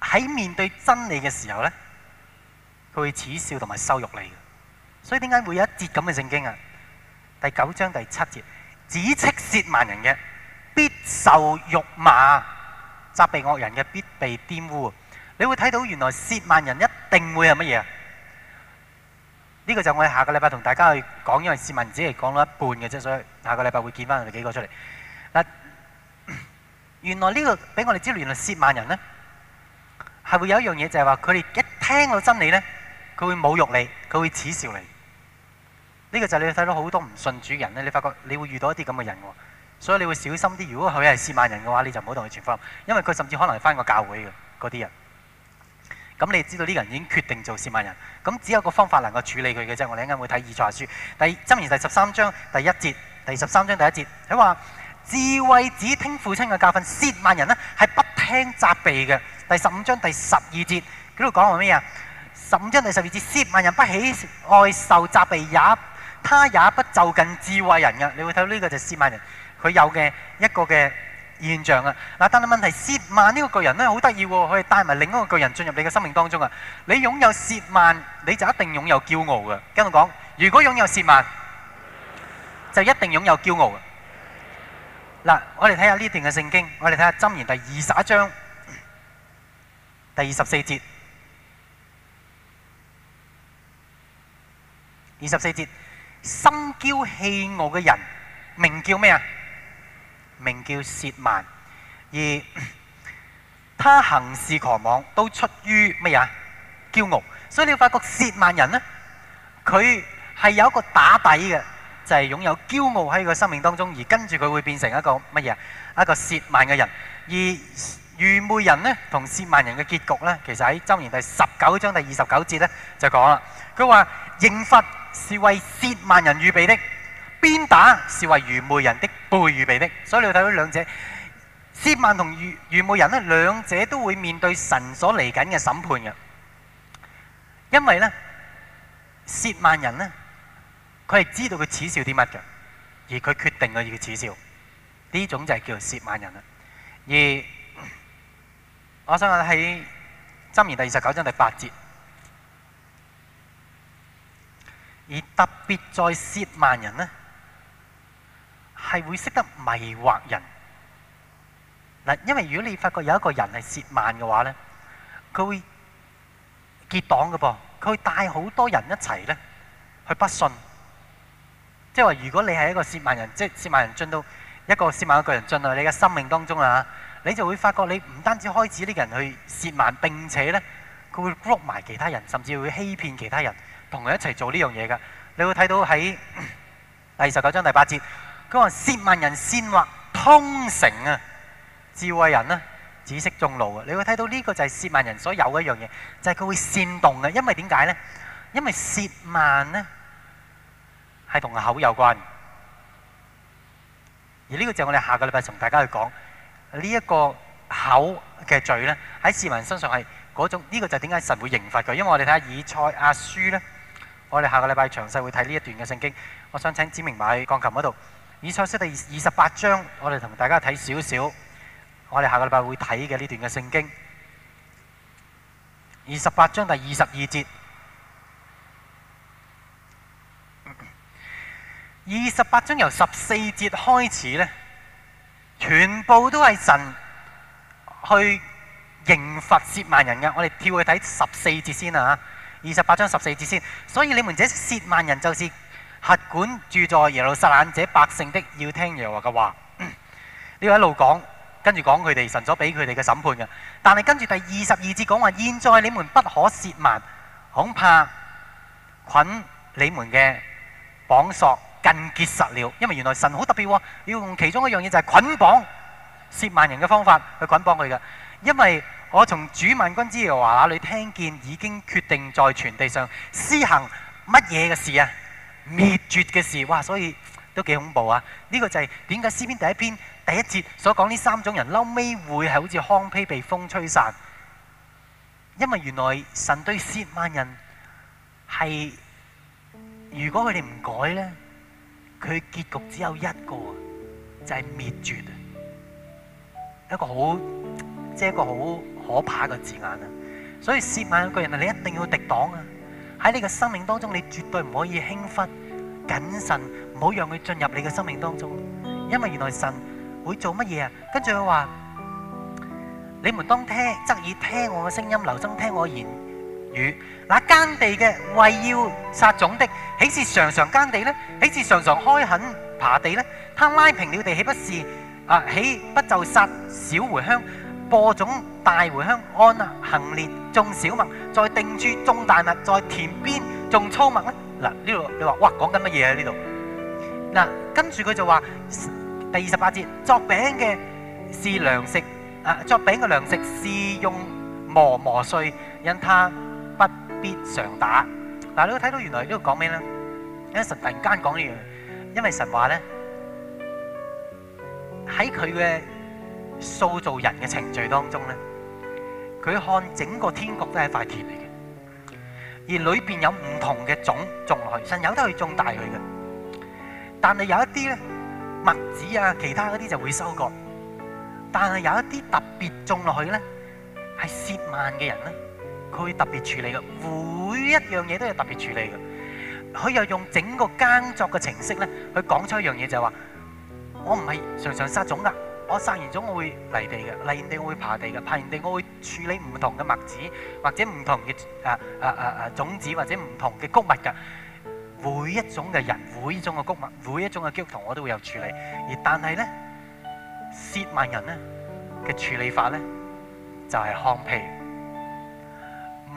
喺面對真理嘅時候呢，佢會恥笑同埋羞辱你嘅，所以點解會有一節咁嘅聖經啊？第九章第七節，指斥褻慢人嘅必受辱罵，責備惡人嘅必被玷污。你會睇到原來褻慢人一定會係乜嘢？呢個就我哋下個禮拜同大家去講，因為褻慢人只係講到一半嘅啫，所以下個禮拜會見翻佢哋幾個出嚟。原來呢、這個俾我哋知道，原來褻慢人呢係會有一樣嘢，就係話佢哋一聽到真理呢，佢會侮辱你，佢會恥笑你。呢、這個就係你睇到好多唔信主人呢，你發覺你會遇到一啲咁嘅人喎。所以你會小心啲，如果佢係褻慢人嘅話，你就唔好同佢傳福音，因為佢甚至可能係返過教會嘅嗰啲人。咁你知道呢個人已經決定做褻慢人，咁只有個方法能夠處理佢嘅啫。我哋一陣會睇以賽亞書第箴言第十三章第一節，第十三章第一節佢話。他說智慧只聽父親嘅教訓，褻慢人呢係不聽責備嘅。第十五章第十二節，佢度講話咩啊？十五章第十二節，褻慢人不喜愛受責備也，他也不就近智慧人嘅。你會睇到呢個就褻慢人，佢有嘅一個嘅現象啊。嗱，但係問題褻慢呢個巨人呢，好得意喎，佢帶埋另一個巨人進入你嘅生命當中啊。你擁有褻慢，你就一定擁有驕傲嘅。跟我講，如果擁有褻慢，就一定擁有驕傲。嗱，我哋睇下呢段嘅聖經，我哋睇下箴言第二十一章第二十四節。二十四節，心驕氣傲嘅人，名叫咩啊？名叫褻慢，而他行事狂妄，都出於乜嘢？驕傲。所以你會發覺褻慢人呢，佢係有一個打底嘅。就係擁有驕傲喺佢個生命當中，而跟住佢會變成一個乜嘢？一個褻慢嘅人。而愚昧人咧，同褻慢人嘅結局咧，其實喺《箴言》第十九章第二十九節咧就講啦。佢話刑罰是為褻慢人預備的，鞭打是為愚昧人的背預備的。所以你睇到兩者，褻慢同愚愚昧人咧，兩者都會面對神所嚟緊嘅審判嘅。因為咧，褻慢人咧。佢係知道佢恥笑啲乜嘅，而佢決定嘅要佢恥笑，呢種就係叫做褻慢人啦。而我想我喺箴言第二十九章第八節，而特別再褻慢人咧，係會識得迷惑人嗱。因為如果你發覺有一個人係褻慢嘅話咧，佢會結黨嘅噃，佢會帶好多人一齊咧去不信。即係話，如果你係一個褻慢人，即係褻慢人進到一個褻慢一個人進入你嘅生命當中啊，你就會發覺你唔單止開始呢個人去褻慢，並且咧佢會 group 埋其他人，甚至會欺騙其他人同佢一齊做呢樣嘢嘅。你會睇到喺第十九章第八節，佢話褻慢人煽惑通城啊，智慧人咧止息眾怒啊。你會睇到呢個就係褻慢人所有嘅一樣嘢，就係佢會煽動嘅。因為點解咧？因為褻慢咧。係同口有關，而呢個就係我哋下個禮拜同大家去講呢一個口嘅罪呢，喺市民身上係嗰種呢，呢個就點解神會刑罰佢？因為我哋睇下以賽亞書呢，我哋下個禮拜詳細會睇呢一段嘅聖經。我想請指明埋鋼琴嗰度，以賽亞書第二十八章，我哋同大家睇少少，我哋下個禮拜會睇嘅呢段嘅聖經，二十八章第二十二節。二十八章由十四節開始呢，全部都係神去刑罰褻慢人嘅。我哋跳去睇十四節先啊。二十八章十四節先。所以你們這褻慢人就是轄管住在耶路撒冷這百姓的，要聽耶和華嘅話呢、嗯、個一路講，跟住講佢哋神所俾佢哋嘅審判嘅。但係跟住第二十二節講話，現在你們不可褻慢，恐怕捆你們嘅綁索更結實了，因為原來神好特別，要用其中一樣嘢就係捆綁褻慢人嘅方法去捆綁佢嘅。因為我從主萬軍之言話那裏聽見，已經決定在全地上施行乜嘢嘅事啊，滅絕嘅事，哇！所以都幾恐怖啊。呢個就係點解詩篇第一篇第一節所講呢三種人，嬲尾會係好似糠秕被風吹散，因為原來神對褻慢人係如果佢哋唔改呢？佢結局只有一個，就係、是、滅絕啊！一個好，即、就、係、是、一個好可怕嘅字眼啊！所以涉密嘅人啊，你一定要敵擋啊！喺你嘅生命當中，你絕對唔可以輕忽、謹慎，唔好讓佢進入你嘅生命當中。因為原來神會做乜嘢啊？跟住佢話：你們當聽，側耳聽我嘅聲音，留心聽我言。雨，那耕地嘅為要撒種的，豈是常常耕地呢？豈是常常開墾耙地呢？他拉平了地，豈不是啊？豈不就撒小茴香播種大茴香，按行列種小麥，再定處種大麥，在田邊種粗麥呢？嗱，呢度你話哇，講緊乜嘢喺呢度？嗱，跟住佢就話，第二十八節，作餅嘅是糧食，啊，作餅嘅糧食是用磨磨碎，因他。必常打。嗱，你會睇到原來呢度講咩咧？神突然間講呢樣，因為神話咧喺佢嘅塑造人嘅程序當中咧，佢看整個天國都係一塊田嚟嘅，而裏邊有唔同嘅種種落去，神有得去種大佢嘅，但係有一啲咧麥子啊，其他嗰啲就會收割，但係有一啲特別種落去咧，係蝕慢嘅人咧。佢會特別處理嘅，每一樣嘢都有特別處理嘅。佢又用整個耕作嘅程式咧，去講出一樣嘢就係話：我唔係常常撒種噶，我撒完種我會犁地嘅，犁完地我會耙地嘅，耙完地我會處理唔同嘅麥子或者唔同嘅啊啊啊啊種子或者唔同嘅穀物嘅。每一種嘅人，每一種嘅穀物，每一種嘅穀物，我都會有處理。而但係咧，薛萬人咧嘅處理法咧就係抗皮。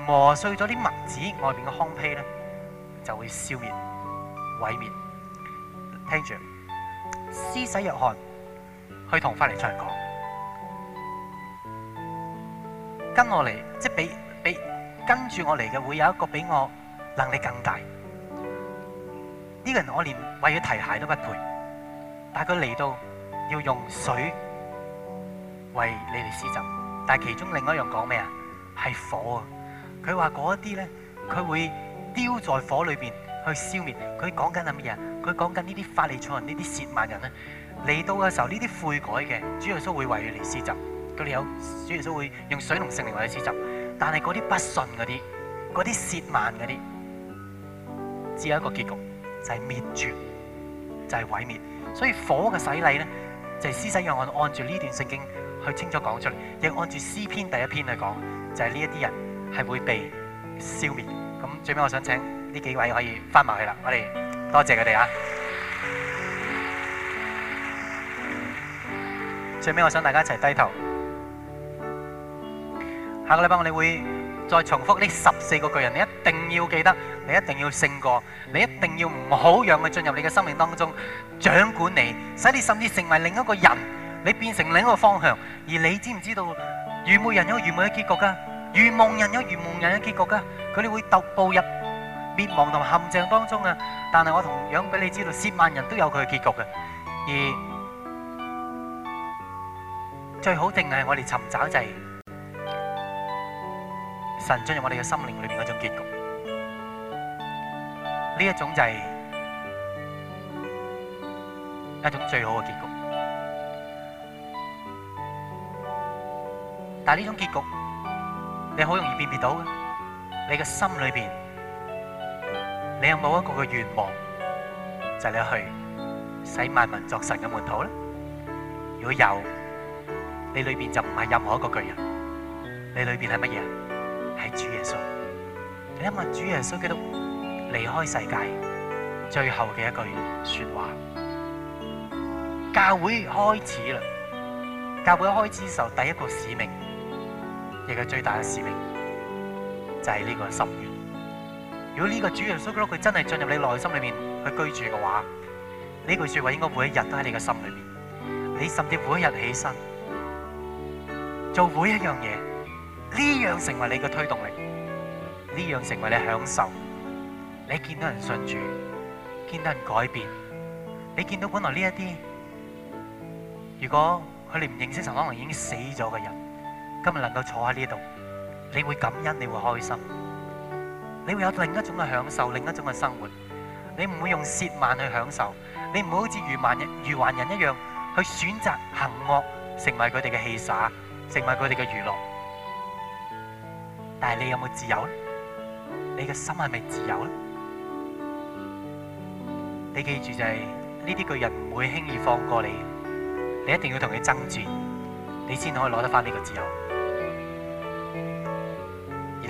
磨碎咗啲墨紙外邊嘅糠皮咧，就會消滅、毀滅。聽住，施洗約翰去同法尼常講，跟我嚟，即係俾俾跟住我嚟嘅會有一個比我能力更大。呢個人我連為佢提鞋都不配，但係佢嚟到要用水為你哋施浸，但係其中另外一樣講咩啊？係火啊！佢話嗰一啲咧，佢會丟在火裏邊去消滅。佢講緊係咩啊？佢講緊呢啲法利賽人、呢啲褻慢人咧，嚟到嘅時候呢啲悔改嘅，主耶穌會為佢嚟施浸。佢哋有主耶穌會用水同聖靈為你施浸。但係嗰啲不順嗰啲，嗰啲褻慢嗰啲，只有一個結局，就係、是、滅絕，就係毀滅。所以火嘅洗禮咧，就係師生要按按住呢段聖經去清楚講出嚟，亦按住詩篇第一篇去講，就係呢一啲人。係會被消滅。咁最尾我想請呢幾位可以翻埋去啦。我哋多謝佢哋啊！最尾我想大家一齊低頭。下個禮拜我哋會再重複呢十四個巨人。你一定要記得，你一定要勝過，你一定要唔好讓佢進入你嘅生命當中掌管你，使你甚至成為另一個人，你變成另一個方向。而你知唔知道愚昧人有愚昧嘅結局噶？如夢人有如夢人嘅結局噶，佢哋會踏步入滅亡同陷阱當中啊！但係我同樣俾你知道，十萬人都有佢嘅結局嘅，而最好定係我哋尋找就係神進入我哋嘅心靈裏面嗰種結局，呢一種就係一種最好嘅結局，但係呢種結局，你好容易辨別到嘅，你嘅心裏邊，你有冇一個嘅願望，就係你去使萬民作神嘅門徒咧？如果有，你裏邊就唔係任何一個巨人，你裏邊係乜嘢啊？係主耶穌。你諗吓主耶穌基督離開世界，最後嘅一句說話，教會開始啦。教會開始嘅時候，第一個使命。亦係最大嘅使命，就係、是、呢個心願。如果呢個主耶穌佢真係進入你內心裡面去居住嘅話，呢句說話應該每一日都喺你嘅心裡面。你甚至每一日起身做每一樣嘢，呢樣成為你嘅推動力，呢樣成為你享受。你見到人信主，見到人改變，你見到本來呢一啲，如果佢哋唔認識神，可能已經死咗嘅人。今日能夠坐喺呢度，你會感恩，你會開心，你會有另一種嘅享受，另一種嘅生活。你唔會用蝕慢去享受，你唔會好似愚頑人愚頑人一樣去選擇行惡，成為佢哋嘅戲耍，成為佢哋嘅娛樂。但係你有冇自由？你嘅心係咪自由呢？你記住就係呢啲巨人唔會輕易放過你，你一定要同佢爭住，你先可以攞得翻呢個自由。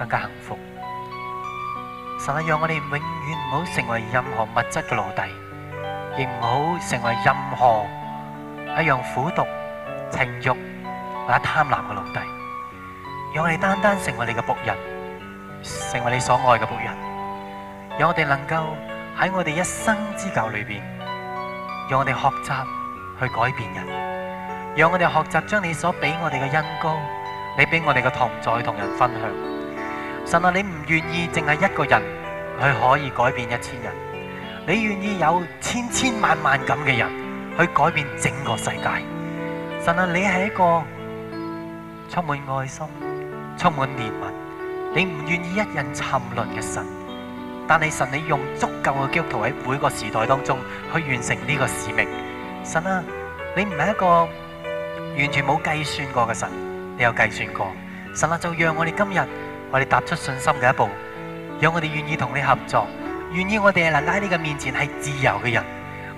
更加幸福。神啊，讓我哋永遠唔好成為任何物質嘅奴隸，亦唔好成為任何一樣苦毒、情慾或者貪婪嘅奴隸。讓我哋單單成為你嘅僕人，成為你所愛嘅僕人。讓我哋能夠喺我哋一生之久裏邊，讓我哋學習去改變人，讓我哋學習將你所俾我哋嘅恩膏，你俾我哋嘅同在同人分享。神啊，你唔願意淨係一個人去可以改變一千人，你願意有千千萬萬咁嘅人去改變整個世界。神啊，你係一個充滿愛心、充滿憐憫，你唔願意一人沉淪嘅神。但係神，你用足夠嘅基督徒喺每個時代當中去完成呢個使命。神啊，你唔係一個完全冇計算過嘅神，你有計算過。神啊，就讓我哋今日。我哋踏出信心嘅一步，讓我哋願意同你合作，願意我哋係能夠喺你嘅面前係自由嘅人，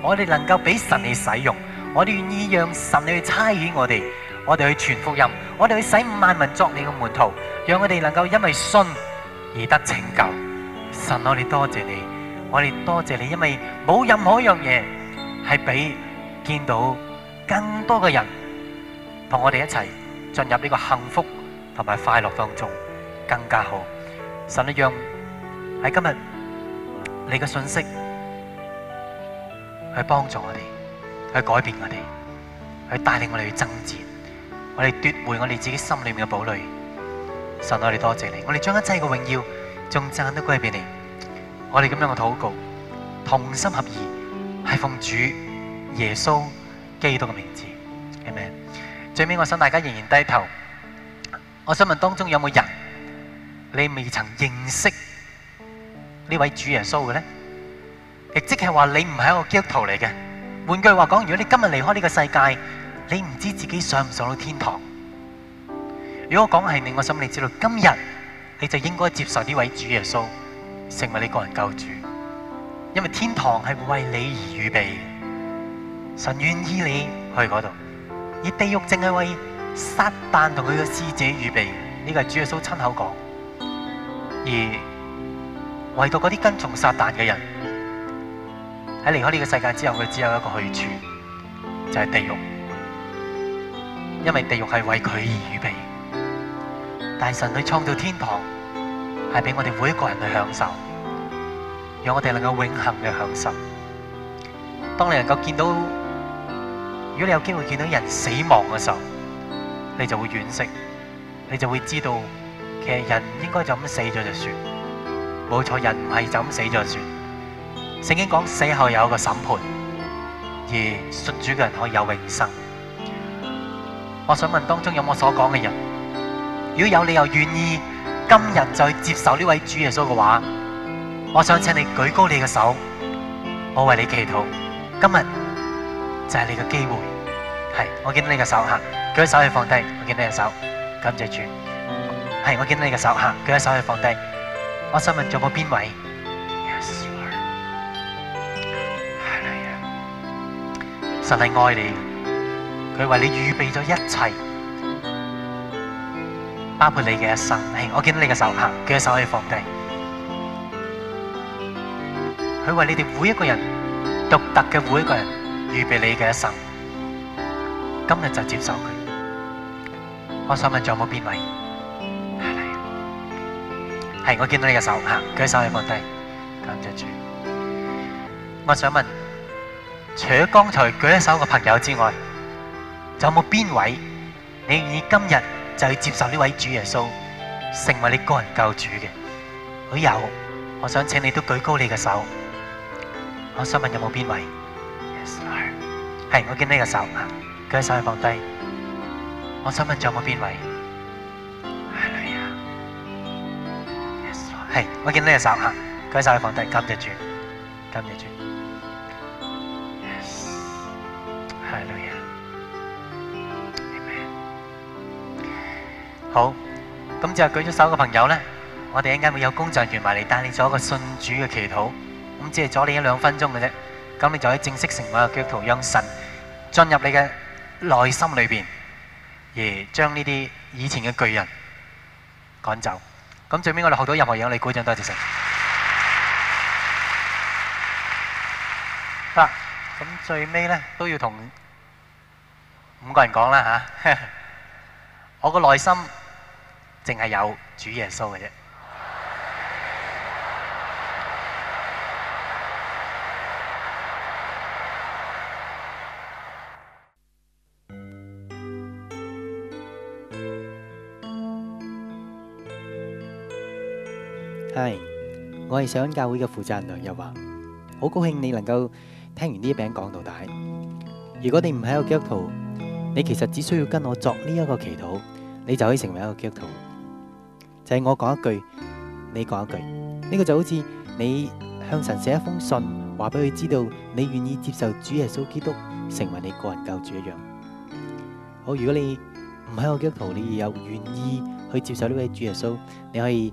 我哋能夠俾神你使用，我哋願意讓神你去差遣我哋，我哋去傳福音，我哋去使萬民作你嘅門徒，讓我哋能夠因為信而得拯救。神，我哋多謝你，我哋多謝你，因為冇任何一樣嘢係俾見到更多嘅人同我哋一齊進入呢個幸福同埋快樂當中。更加好，神啊，讓喺今日你嘅信息去幫助我哋，去改變我哋，去帶領我哋去爭戰，我哋奪回我哋自己心裏面嘅堡壘。神啊，我哋多謝你，我哋將一切嘅榮耀仲讚都歸俾你。我哋咁樣嘅禱告，同心合意，係奉主耶穌基督嘅名字。阿門。最尾我想大家仍然低頭，我想問當中有冇人？你未曾認識呢位主耶穌嘅咧，亦即係話你唔係一個基督徒嚟嘅。換句話講，如果你今日離開呢個世界，你唔知自己上唔上到天堂。如果講係令我心裏知道，今日你就應該接受呢位主耶穌成為你個人救主，因為天堂係為你而預備，神願意你去嗰度，而地獄淨係為撒旦同佢嘅使者預備。呢個係主耶穌親口講。而唯獨嗰啲跟從撒旦嘅人喺離開呢個世界之後，佢只有一個去處，就係地獄。因為地獄係為佢而預備。大神去創造天堂，係俾我哋每一個人去享受，讓我哋能夠永恆嘅享受。當你能夠見到，如果你有機會見到人死亡嘅時候，你就會惋惜，你就會知道。其實人應該就咁死咗就算，冇錯，人唔係就咁死咗就算。聖經講死後有一個審判，而信主嘅人可以有永生。我想問當中有冇所講嘅人，如果有理由願意今日再接受呢位主耶穌嘅話，我想請你舉高你嘅手，我為你祈禱。今日就係你嘅機會，係我見到你嘅手，行，舉手去放低，我見到你嘅手，感謝主。係，我見到你嘅手，吓，舉下手可以放低。我想問仲有冇邊位？神係愛你，佢為你預備咗一切，包括你嘅一生。係，我見到你嘅手，吓，舉下手可以放低。佢為你哋每一個人獨特嘅每一個人預備你嘅一生，今日就接受佢。我想問仲有冇邊位？係，我見到你嘅手，吓，舉手去放低，感謝主。我想問，除咗剛才舉咗手嘅朋友之外，仲有冇邊位你願意今日就去接受呢位主耶穌，成為你個人救主嘅？有，我想請你都舉高你嘅手。我想問有冇邊位？係，我見到你嘅手，吓，舉手去放低。我想問，仲有冇邊位？係，我見到你隻手吓，舉起手放低，夾唔夾得住，夾唔夾得住，係女人，好，咁就舉咗手嘅朋友咧，我哋一陣間會有工作人員埋嚟帶你做一個信主嘅祈禱，咁只係阻你一兩分鐘嘅啫，咁你就可以正式成為一個基督徒，讓神進入你嘅內心裏邊，而將呢啲以前嘅巨人趕走。咁最尾我哋學到任何嘢，你鼓掌多謝曬。嗱，咁最尾呢都要同五個人講啦嚇，我個內心淨係有主耶穌嘅啫。我係聖恩教會嘅負責人梁日華，好高興你能夠聽完呢一篇講道。如果你唔係一個基督徒，你其實只需要跟我作呢一個祈禱，你就可以成為一個基督徒。就係我講一句，你講一句，呢個就好似你向神寫一封信，話俾佢知道你願意接受主耶穌基督成為你個人救主一樣。好，如果你唔係一個基督徒，你有願意去接受呢位主耶穌，你可以。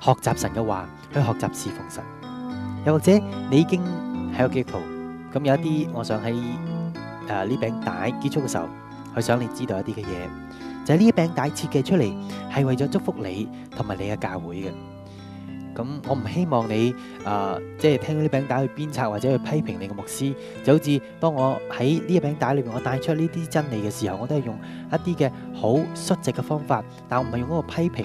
學習神嘅話，去學習侍奉神。又或者你已經喺個教會，咁有一啲，我想喺誒呢餅帶結束嘅時候，去想你知道一啲嘅嘢，就係呢餅帶設計出嚟係為咗祝福你同埋你嘅教會嘅。咁我唔希望你誒，即係聽到呢餅帶去鞭策或者去批評你嘅牧師。就好似當我喺呢餅帶裏面，我帶出呢啲真理嘅時候，我都係用一啲嘅好率直嘅方法，但我唔係用嗰個批評